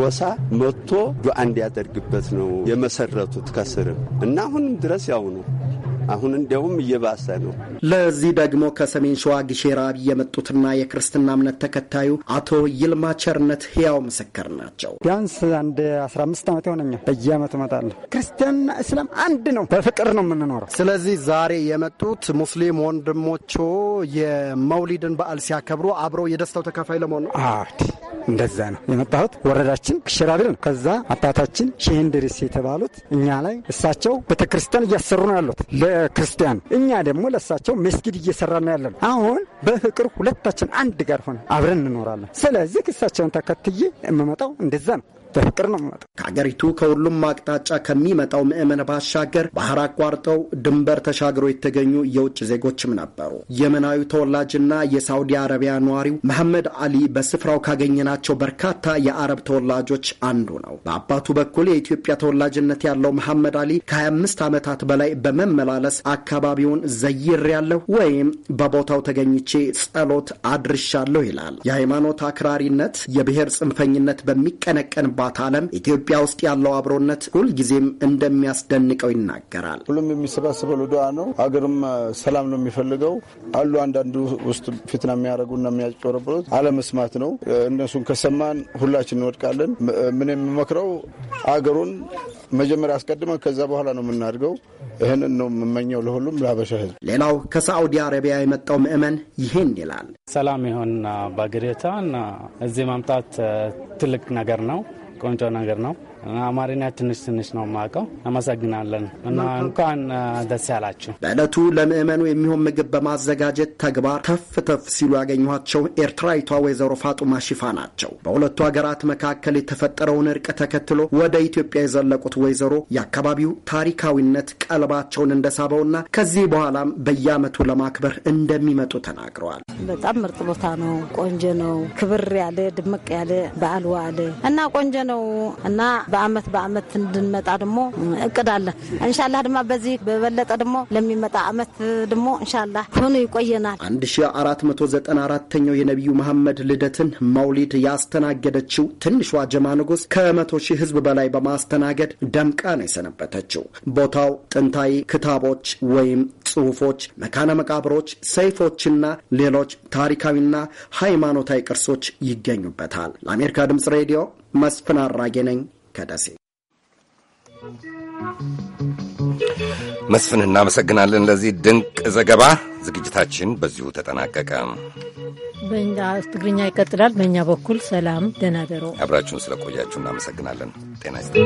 ጎሳ መጥቶ ዱዓ እንዲያደርግበት ነው የመሰረቱት ከስርም እና አሁንም ድረስ ያው ነው። አሁን እንዲያውም እየባሰ ነው። ለዚህ ደግሞ ከሰሜን ሸዋ ግሼ የመጡትና የክርስትና እምነት ተከታዩ አቶ ይልማ ቸርነት ህያው ምስክር ናቸው። ቢያንስ አንድ 15 ዓመት የሆነኛ በየዓመቱ እመጣለሁ። ክርስቲያንና እስላም አንድ ነው። በፍቅር ነው የምንኖረው። ስለዚህ ዛሬ የመጡት ሙስሊም ወንድሞቹ የመውሊድን በዓል ሲያከብሩ አብረው የደስታው ተካፋይ ለመሆን ነው። እንደዛ ነው የመጣሁት። ወረዳችን ሽራቢል ነው። ከዛ አባታችን ሼህ እንድሪስ የተባሉት እኛ ላይ እሳቸው ቤተክርስቲያን እያሰሩ ነው ያሉት ክርስቲያን፣ እኛ ደግሞ ለሳቸው መስጊድ እየሰራ ያለ ነው። አሁን በፍቅር ሁለታችን አንድ ጋር ሆነ አብረን እንኖራለን። ስለዚህ ክሳቸውን ተከትዬ የምመጣው እንደዛ ነው። በፍቅር ነው የምመጣው። ከሀገሪቱ ከሁሉም አቅጣጫ ከሚመጣው ምዕመን ባሻገር ባህር አቋርጠው ድንበር ተሻግረው የተገኙ የውጭ ዜጎችም ነበሩ። የመናዊ ተወላጅና የሳውዲ አረቢያ ነዋሪው መሐመድ አሊ በስፍራው ካገኘናቸው በርካታ የአረብ ተወላጆች አንዱ ነው። በአባቱ በኩል የኢትዮጵያ ተወላጅነት ያለው መሐመድ አሊ ከ25 ዓመታት በላይ በመመላለስ አካባቢውን ያለሁ ወይም በቦታው ተገኝቼ ጸሎት አድርሻለሁ ይላል። የሃይማኖት አክራሪነት፣ የብሔር ጽንፈኝነት በሚቀነቀንባ የጨዋታ ዓለም ኢትዮጵያ ውስጥ ያለው አብሮነት ሁልጊዜም እንደሚያስደንቀው ይናገራል። ሁሉም የሚሰባሰበው ለዱዓ ነው። ሀገርም ሰላም ነው የሚፈልገው አሉ። አንዳንዱ ውስጥ ፊትና የሚያደርጉና የሚያጭበረብሩት አለመስማት ነው። እነሱን ከሰማን ሁላችን እንወድቃለን። ምን የምመክረው አገሩን መጀመሪያ አስቀድመን ከዛ በኋላ ነው የምናድገው። ይህንን ነው የምመኘው ለሁሉም ለሀበሻ ህዝብ ሌላው ከሳዑዲ አረቢያ የመጣው ምእመን ይህን ይላል። ሰላም ይሆን በግሬታ እዚህ ማምጣት ትልቅ ነገር ነው። contra ¿no? አማርኛ ትንሽ ትንሽ ነው የማውቀው። አመሰግናለን እና እንኳን ደስ ያላችሁ። በዕለቱ ለምእመኑ የሚሆን ምግብ በማዘጋጀት ተግባር ተፍ ተፍ ሲሉ ያገኟቸው ኤርትራዊቷ ወይዘሮ ፋጡማ ሽፋ ናቸው። በሁለቱ ሀገራት መካከል የተፈጠረውን እርቅ ተከትሎ ወደ ኢትዮጵያ የዘለቁት ወይዘሮ የአካባቢው ታሪካዊነት ቀልባቸውን እንደሳበውና ከዚህ በኋላም በየአመቱ ለማክበር እንደሚመጡ ተናግረዋል። በጣም ምርጥ ቦታ ነው። ቆንጆ ነው። ክብር ያለ ድምቅ ያለ በዓል ዋለ እና ቆንጆ ነው እና በአመት በአመት እንድንመጣ ደግሞ እቅድ አለ። እንሻላ ድማ በዚህ በበለጠ ደግሞ ለሚመጣ አመት ደግሞ እንሻላ ሆኖ ይቆየናል። 1494ኛው የነቢዩ መሐመድ ልደትን መውሊድ ያስተናገደችው ትንሿ ጀማ ንጉስ ከመቶ ሺህ ህዝብ በላይ በማስተናገድ ደምቃ ነው የሰነበተችው። ቦታው ጥንታዊ ክታቦች ወይም ጽሑፎች፣ መካነ መቃብሮች፣ ሰይፎችና ሌሎች ታሪካዊና ሃይማኖታዊ ቅርሶች ይገኙበታል። ለአሜሪካ ድምፅ ሬዲዮ መስፍን አራጌ ነኝ ከደሴ መስፍን እናመሰግናለን ለዚህ ድንቅ ዘገባ። ዝግጅታችን በዚሁ ተጠናቀቀ። ትግርኛ ይቀጥላል። በእኛ በኩል ሰላም፣ ደህና ደሮ። አብራችሁን ስለቆያችሁ እናመሰግናለን። ጤና ይስጥ